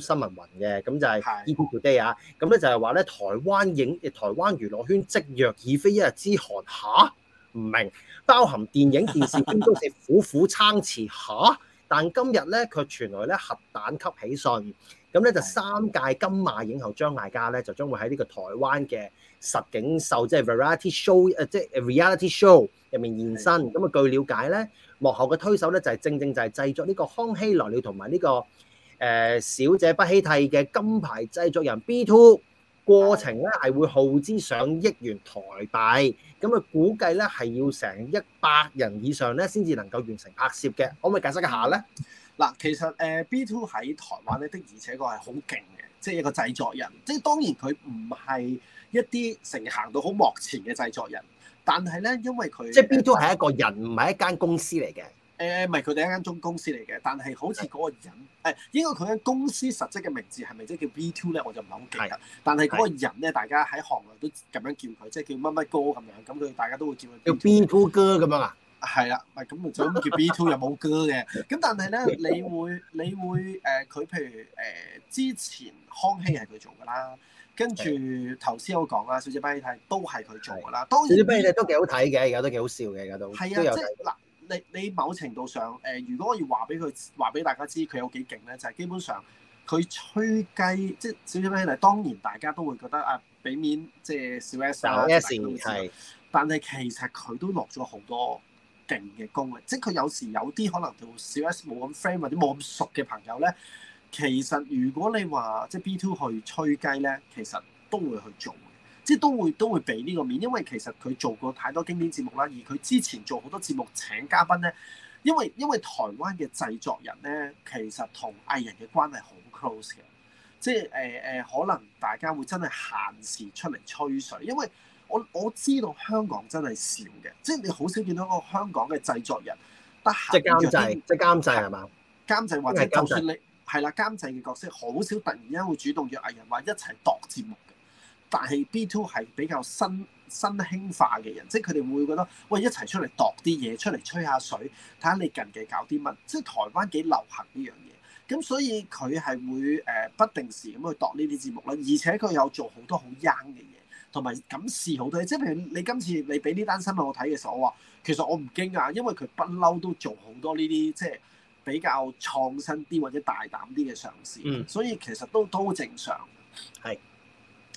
新聞雲嘅，咁就係 ETtoday 啊。咁咧就係話咧，台灣影、台灣娛樂圈即若已非一日之寒嚇。唔明，包含電影、電視、觀眾都係苦苦撐持吓，但今日咧卻傳來咧核彈級喜訊，咁咧就三屆金馬影后張艾嘉咧就將會喺呢個台灣嘅實境秀，即係 Variety Show，誒即係 Reality Show 入面現身。咁啊的據了解咧，幕後嘅推手咧就係正正就係製作呢個《康熙來了、這個》同埋呢個誒《小姐不熙娣》嘅金牌製作人 B2。過程咧係會耗資上億元台幣，咁啊估計咧係要成一百人以上咧先至能夠完成拍攝嘅，可唔可以解釋一下咧？嗱，其實誒 B two 喺台灣咧的而且確係好勁嘅，即係一個製作人，即係當然佢唔係一啲成日行到好幕前嘅製作人，但係咧因為佢即係 B two 係一個人，唔係一間公司嚟嘅。誒唔係佢哋一間中公司嚟嘅，但係好似嗰個人誒，應該佢間公司實質嘅名字係咪即係叫 B Two 咧？我就唔係好記得。是的 但係嗰個人咧，是的 大家喺行內都咁樣叫佢，即係叫乜乜哥咁樣。咁佢大家都會叫佢、嗯、叫 B Two 哥咁樣啊。係啦，咪咁就叫 B Two 有冇哥嘅？咁但係咧，你會你會誒佢、呃、譬如誒、呃、之前康熙係佢做㗎啦，跟住頭先我講啦，小姐不熙娣都係佢做㗎啦。小姐不熙娣都幾好睇嘅，而家都幾好笑嘅，而家都係啊，即係嗱。你你某程度上誒、呃，如果我要話俾佢話俾大家知佢有幾勁咧，就係、是、基本上佢吹雞，即係少少咩嚟。當然大家都會覺得啊，俾面即係小 S 啦、啊，但係其實佢都落咗好多勁嘅功力。即係佢有時有啲可能同小 S 冇咁 friend 或者冇咁熟嘅朋友咧，其實如果你話即係 B2 去吹雞咧，其實都會去做。即係都會都會俾呢個面，因為其實佢做過太多經典節目啦。而佢之前做好多節目請嘉賓咧，因為因為台灣嘅製作人咧，其實同藝人嘅關係好 close 嘅，即係誒誒，可能大家會真係閒時出嚟吹水。因為我我知道香港真係少嘅，即係你好少見到一個香港嘅製作人得閒約啲，即係監製，是即係監製係嘛？監製或者就算你係啦、啊，監製嘅角色好少，突然間會主動約藝人話一齊度節目。但係 B2 係比較新新興化嘅人，即係佢哋會覺得，喂，一齊出嚟度啲嘢出嚟吹下水，睇下你近期搞啲乜，即係台灣幾流行呢樣嘢。咁所以佢係會誒、呃、不定時咁去度呢啲節目咧，而且佢有做好多好 young 嘅嘢，同埋敢試好多嘢。即係譬如你今次你俾呢單新聞我睇嘅時候，我話其實我唔驚啊，因為佢不嬲都做好多呢啲即係比較創新啲或者大膽啲嘅嘗試。嗯，所以其實都都正常。係。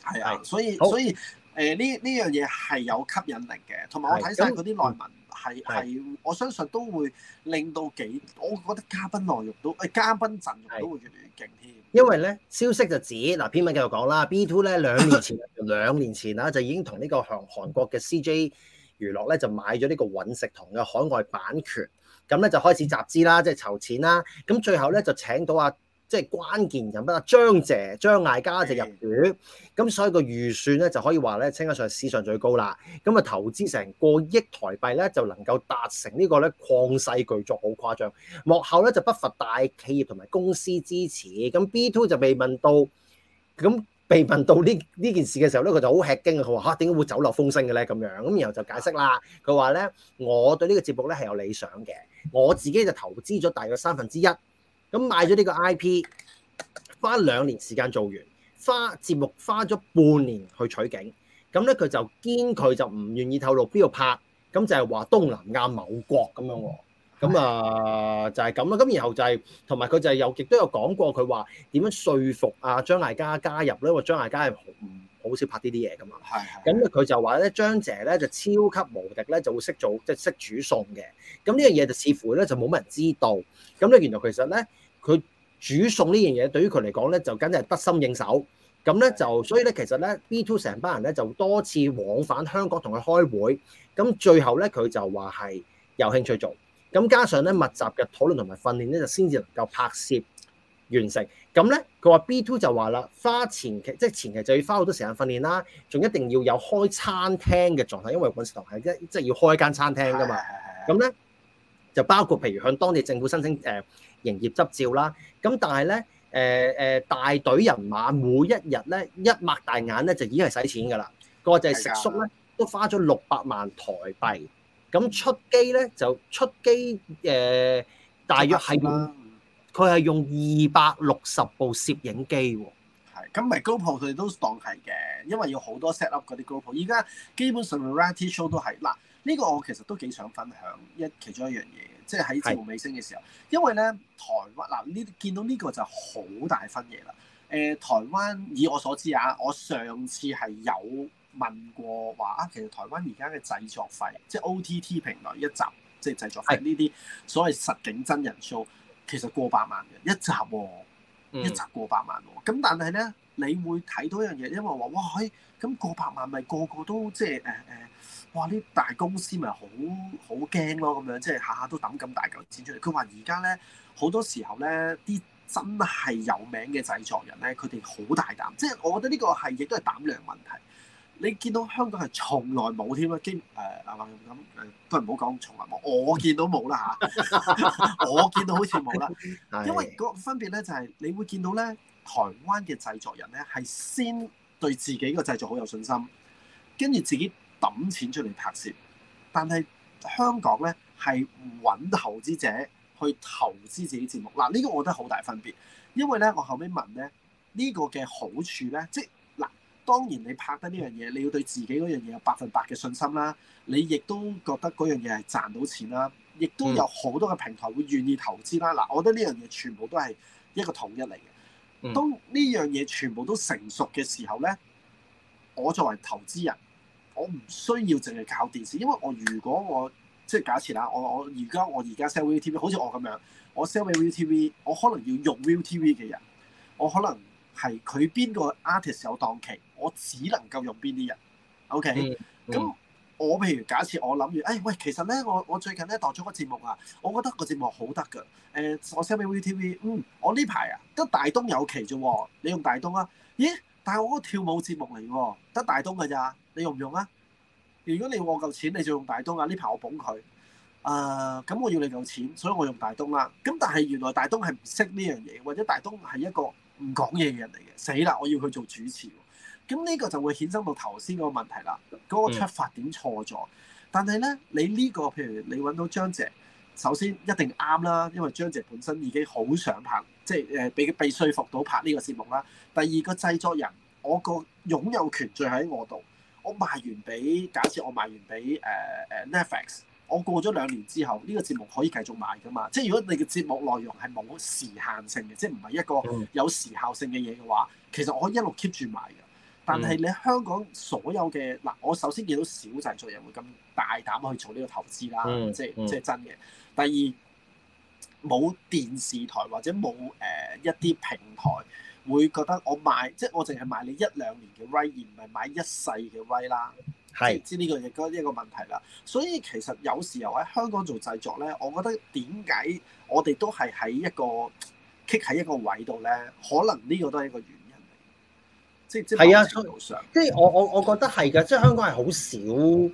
係啊，所以所以誒呢呢樣嘢係有吸引力嘅，同埋我睇曬嗰啲內文係係，我相信都會令到幾，我覺得嘉賓內容都誒嘉賓陣容都會越嚟越勁添。因為咧消息就指嗱，篇文繼續講啦，B2 咧兩年前兩年前啦就已經同呢個韓韓國嘅 CJ 娛樂咧就買咗呢個《尹食堂》嘅海外版權，咁咧就開始集資啦，即係籌錢啦，咁最後咧就請到啊。即係關鍵人物啊，張姐張艾嘉就入院。咁、嗯、所以個預算咧就可以話咧稱得上史上最高啦。咁啊投資成過億台幣咧，就能夠達成個呢個咧曠世巨作，好誇張。幕後咧就不乏大企業同埋公司支持。咁 B two 就被問到，咁被問到呢呢件事嘅時候咧，佢就好吃驚，佢話嚇，點解會走漏風聲嘅咧咁樣。咁然後就解釋啦，佢話咧我對呢個節目咧係有理想嘅，我自己就投資咗大約三分之一。咁買咗呢個 IP，花兩年時間做完，花節目花咗半年去取景，咁咧佢就堅佢就唔願意透露邊度拍，咁就係話東南亞某國咁樣喎，咁啊就係咁咯，咁然後就係同埋佢就係又亦都有講過佢話點樣說服啊張艾嘉加入咧，話張艾嘉係唔。好少拍呢啲嘢噶嘛，咁咧佢就話咧張姐咧就超級無敵咧，就會識做即係識煮餸嘅。咁呢樣嘢就似乎咧就冇乜人知道。咁咧原來其實咧佢煮餸呢樣嘢對於佢嚟講咧就簡直係得心應手。咁咧就的所以咧其實咧 B Two 成班人咧就多次往返香港同佢開會。咁最後咧佢就話係有興趣做。咁加上咧密集嘅討論同埋訓練咧就先至能夠拍攝。完成咁咧，佢話 B two 就話啦，花前期即係、就是、前期就要花好多時間訓練啦，仲一定要有開餐廳嘅狀態，因為滾石堂係一即係要開間餐廳噶嘛。咁咧的就包括譬如向當地政府申請誒、呃、營業執照啦。咁但係咧誒誒大隊人馬，每一日咧一擘大眼咧就已經係使錢噶啦。佢話就食宿咧的都花咗六百萬台幣。咁出機咧就出機誒、呃，大約係。佢係用二百六十部攝影機喎、哦，咁咪 group 佢哋都當係嘅，因為要好多 set up 嗰啲 group。而家基本上 variety show 都係嗱，呢、呢個我其實都幾想分享一其中一樣嘢，即係喺節目尾聲嘅時候，是因為咧台灣嗱，呢見到呢個就好大分嘢啦。誒，台灣、呃、台灣以我所知啊，我上次係有問過話啊，其實台灣而家嘅製作費，即係 OTT 平台一集即係製作費呢啲所謂實景真人 show。其實過百萬嘅一集、哦，嗯、一集過百萬喎。咁但係咧，你會睇到一樣嘢，因為話哇，咁、哎、過百萬咪個個都即係誒誒，哇啲大公司咪好好驚咯，咁樣即係下下都抌咁大嚿錢出嚟。佢話而家咧好多時候咧，啲真係有名嘅製作人咧，佢哋好大膽，即係我覺得呢個係亦都係膽量問題。你見到香港係從來冇添啦，基誒嗱咁誒，都唔好講從來冇，我見到冇啦嚇， 我見到好似冇啦，因為個分別咧就係、係、你會見到咧，台灣嘅製作人咧係先對自己個製作好有信心，跟住自己揼錢出嚟拍攝，但係香港咧係揾投資者去投資自己節目，嗱、呃、呢、呢個我覺得好大分別，因為咧我後尾問咧呢、呢個嘅好處咧，即係。當然你拍得呢樣嘢，你要對自己嗰樣嘢有百分百嘅信心啦。你亦都覺得嗰樣嘢係賺到錢啦，亦都有好多嘅平台會願意投資啦。嗱、嗯，我覺得呢樣嘢全部都係一個統一嚟嘅。當呢樣嘢全部都成熟嘅時候咧，我作為投資人，我唔需要淨係靠電視，因為我如果我即係假設啦，我我而家我而家 sell ViuTV，好似我咁樣，我 sell 畀 ViuTV，我可能要用 ViuTV 嘅人，我可能係佢邊個 artist 有檔期。我只能夠用邊啲人？OK，咁、嗯嗯、我譬如假設我諗住，誒、哎、喂，其實咧，我我最近咧度咗個節目啊，我覺得個節目好得㗎。誒、呃，我 send 俾 ViuTV，嗯，我呢排啊得大東有期啫喎，你用大東啊？咦，但係我個跳舞節目嚟喎，得大東㗎咋，你用唔用啊？如果你攞夠錢，你就用大東啊。呢排我捧佢啊，咁、呃、我要你夠錢，所以我用大東啦、啊。咁但係原來大東係唔識呢樣嘢，或者大東係一個唔講嘢嘅人嚟嘅，死啦！我要去做主持。咁呢個就會衍生到頭先嗰個問題啦。嗰、那個出發點錯咗，但係咧，你呢、這個譬如你揾到張姐，首先一定啱啦，因為張姐本身已經好想拍，即係誒、呃、被被說服到拍呢個節目啦。第二個製作人，我個擁有權最後喺我度，我賣完俾，假設我賣完俾誒誒 Netflix，我過咗兩年之後，呢、這個節目可以繼續賣㗎嘛？即係如果你嘅節目內容係冇時限性嘅，即係唔係一個有時效性嘅嘢嘅話，其實我可以一路 keep 住賣嘅。但係你香港所有嘅嗱，我首先見到少製作人會咁大膽去做呢個投資啦，嗯嗯、即係即係真嘅。第二冇電視台或者冇誒、呃、一啲平台會覺得我賣，即係我淨係賣你一兩年嘅威、right，而唔係買一世嘅威啦。係知呢個亦一個問題啦。所以其實有時候喺香港做製作咧，我覺得點解我哋都係喺一個棘喺一個位度咧，可能呢個都係一個。係啊，即係我我我覺得係㗎，即係香港係好少誒、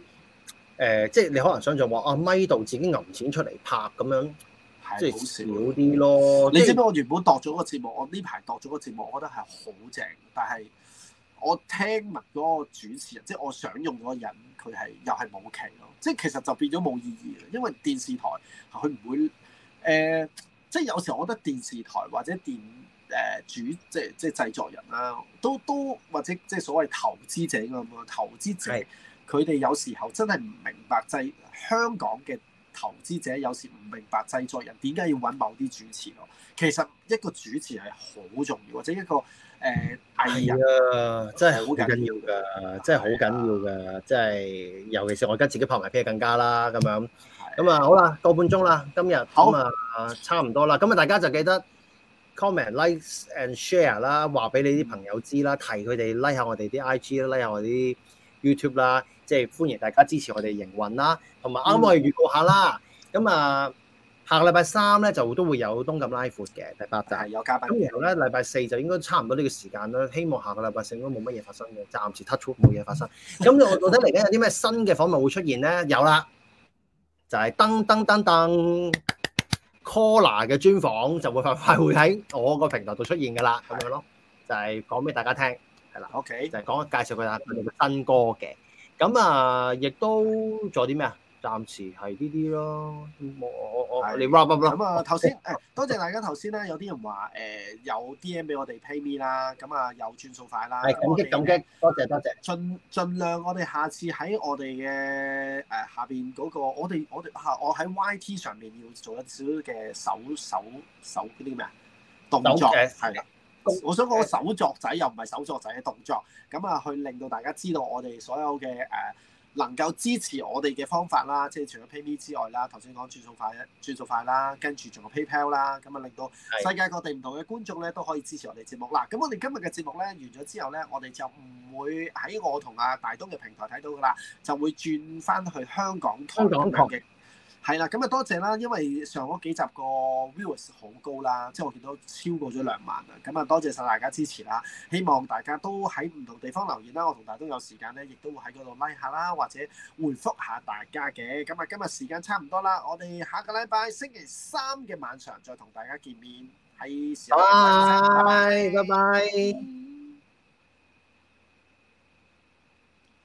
呃，即係你可能想像話阿咪度自己揼錢出嚟拍咁樣，係好的少啲咯。你知唔知我原本度咗個節目，我呢排度咗個節目，我覺得係好正，但係我聽聞嗰個主持人，即係我想用嗰個人，佢係又係冇期咯。即係其實就變咗冇意義啦，因為電視台佢唔會誒，呃、即係有時候我覺得電視台或者電。誒，主即係即係製作人啦、啊，都都或者即係所謂投資者咁啊！投資者佢哋的有時候真係唔明白製香港嘅投資者有時唔明白製作人點解要揾某啲主持咯。其實一個主持係好重要，或者一個誒、欸、藝人，真係好緊要㗎，真係好緊要㗎，即係的、就是、尤其是我而家自己拍埋片更加啦咁樣。咁啊 的好啦，個半鐘啦，今日好啊差唔多啦，咁啊大家就記得。 comment、likes and share 啦，話俾你啲朋友知啦，提佢哋 like 下我哋啲 IG 啦，like 下我啲 YouTube 啦，即係歡迎大家支持我哋營運啦。同埋啱啱我哋預告下啦，咁啊，下個禮拜三咧就都會有東 i 拉 e 嘅第八集，有加班。咁然後咧禮拜四就應該差唔多呢個時間啦，希望下個禮拜四應該冇乜嘢發生嘅，暫時 touch 冇嘢發生。咁 到底嚟緊有啲咩新嘅訪問會出現咧？有啦，就係噔噔噔噔。Collar 嘅專訪就會快快會喺我個平台度出現㗎啦，咁樣咯，就係講俾大家聽，係啦的，OK，就係講介紹佢下佢哋嘅新歌嘅，咁啊，亦都做啲咩啊？暫時係呢啲咯，冇我我我對你 wrap up 咁啊，頭先誒， 多謝大家頭先啦。有啲人話誒有 D M 俾我哋 pay me 啦，咁啊又轉數快啦。係感激感激，多謝多謝。盡儘量我哋下次喺我哋嘅誒下邊嗰、嗰個，我哋我哋嚇我喺 Y T 上面要做一少嘅手手手嗰啲咩啊動作係。我想講個手作仔又唔係手作仔嘅動作，咁啊去令到大家知道我哋所有嘅誒。呃能夠支持我哋嘅方法啦，即係除咗 PayMe 之外啦，頭先講轉數快，轉數快啦，跟住仲有 PayPal 啦，咁啊令到世界各地唔同嘅觀眾咧都可以支持我哋節目啦。咁我哋今日嘅節目咧完咗之後咧，我哋就唔會喺我同阿大東嘅平台睇到噶啦，就會轉翻去香港台嘅。係啦，咁啊多謝啦，因為上嗰幾集個 views 好高啦，即係我見到超過咗兩萬啦，咁啊多謝晒大家支持啦，希望大家都喺唔同地方留言啦，我同大家都有時間咧，亦都會喺嗰度 like 下啦，或者回覆下大家嘅，咁啊今日時間差唔多啦，我哋下個禮拜星期三嘅晚上再同大家見面，係，拜拜，拜拜。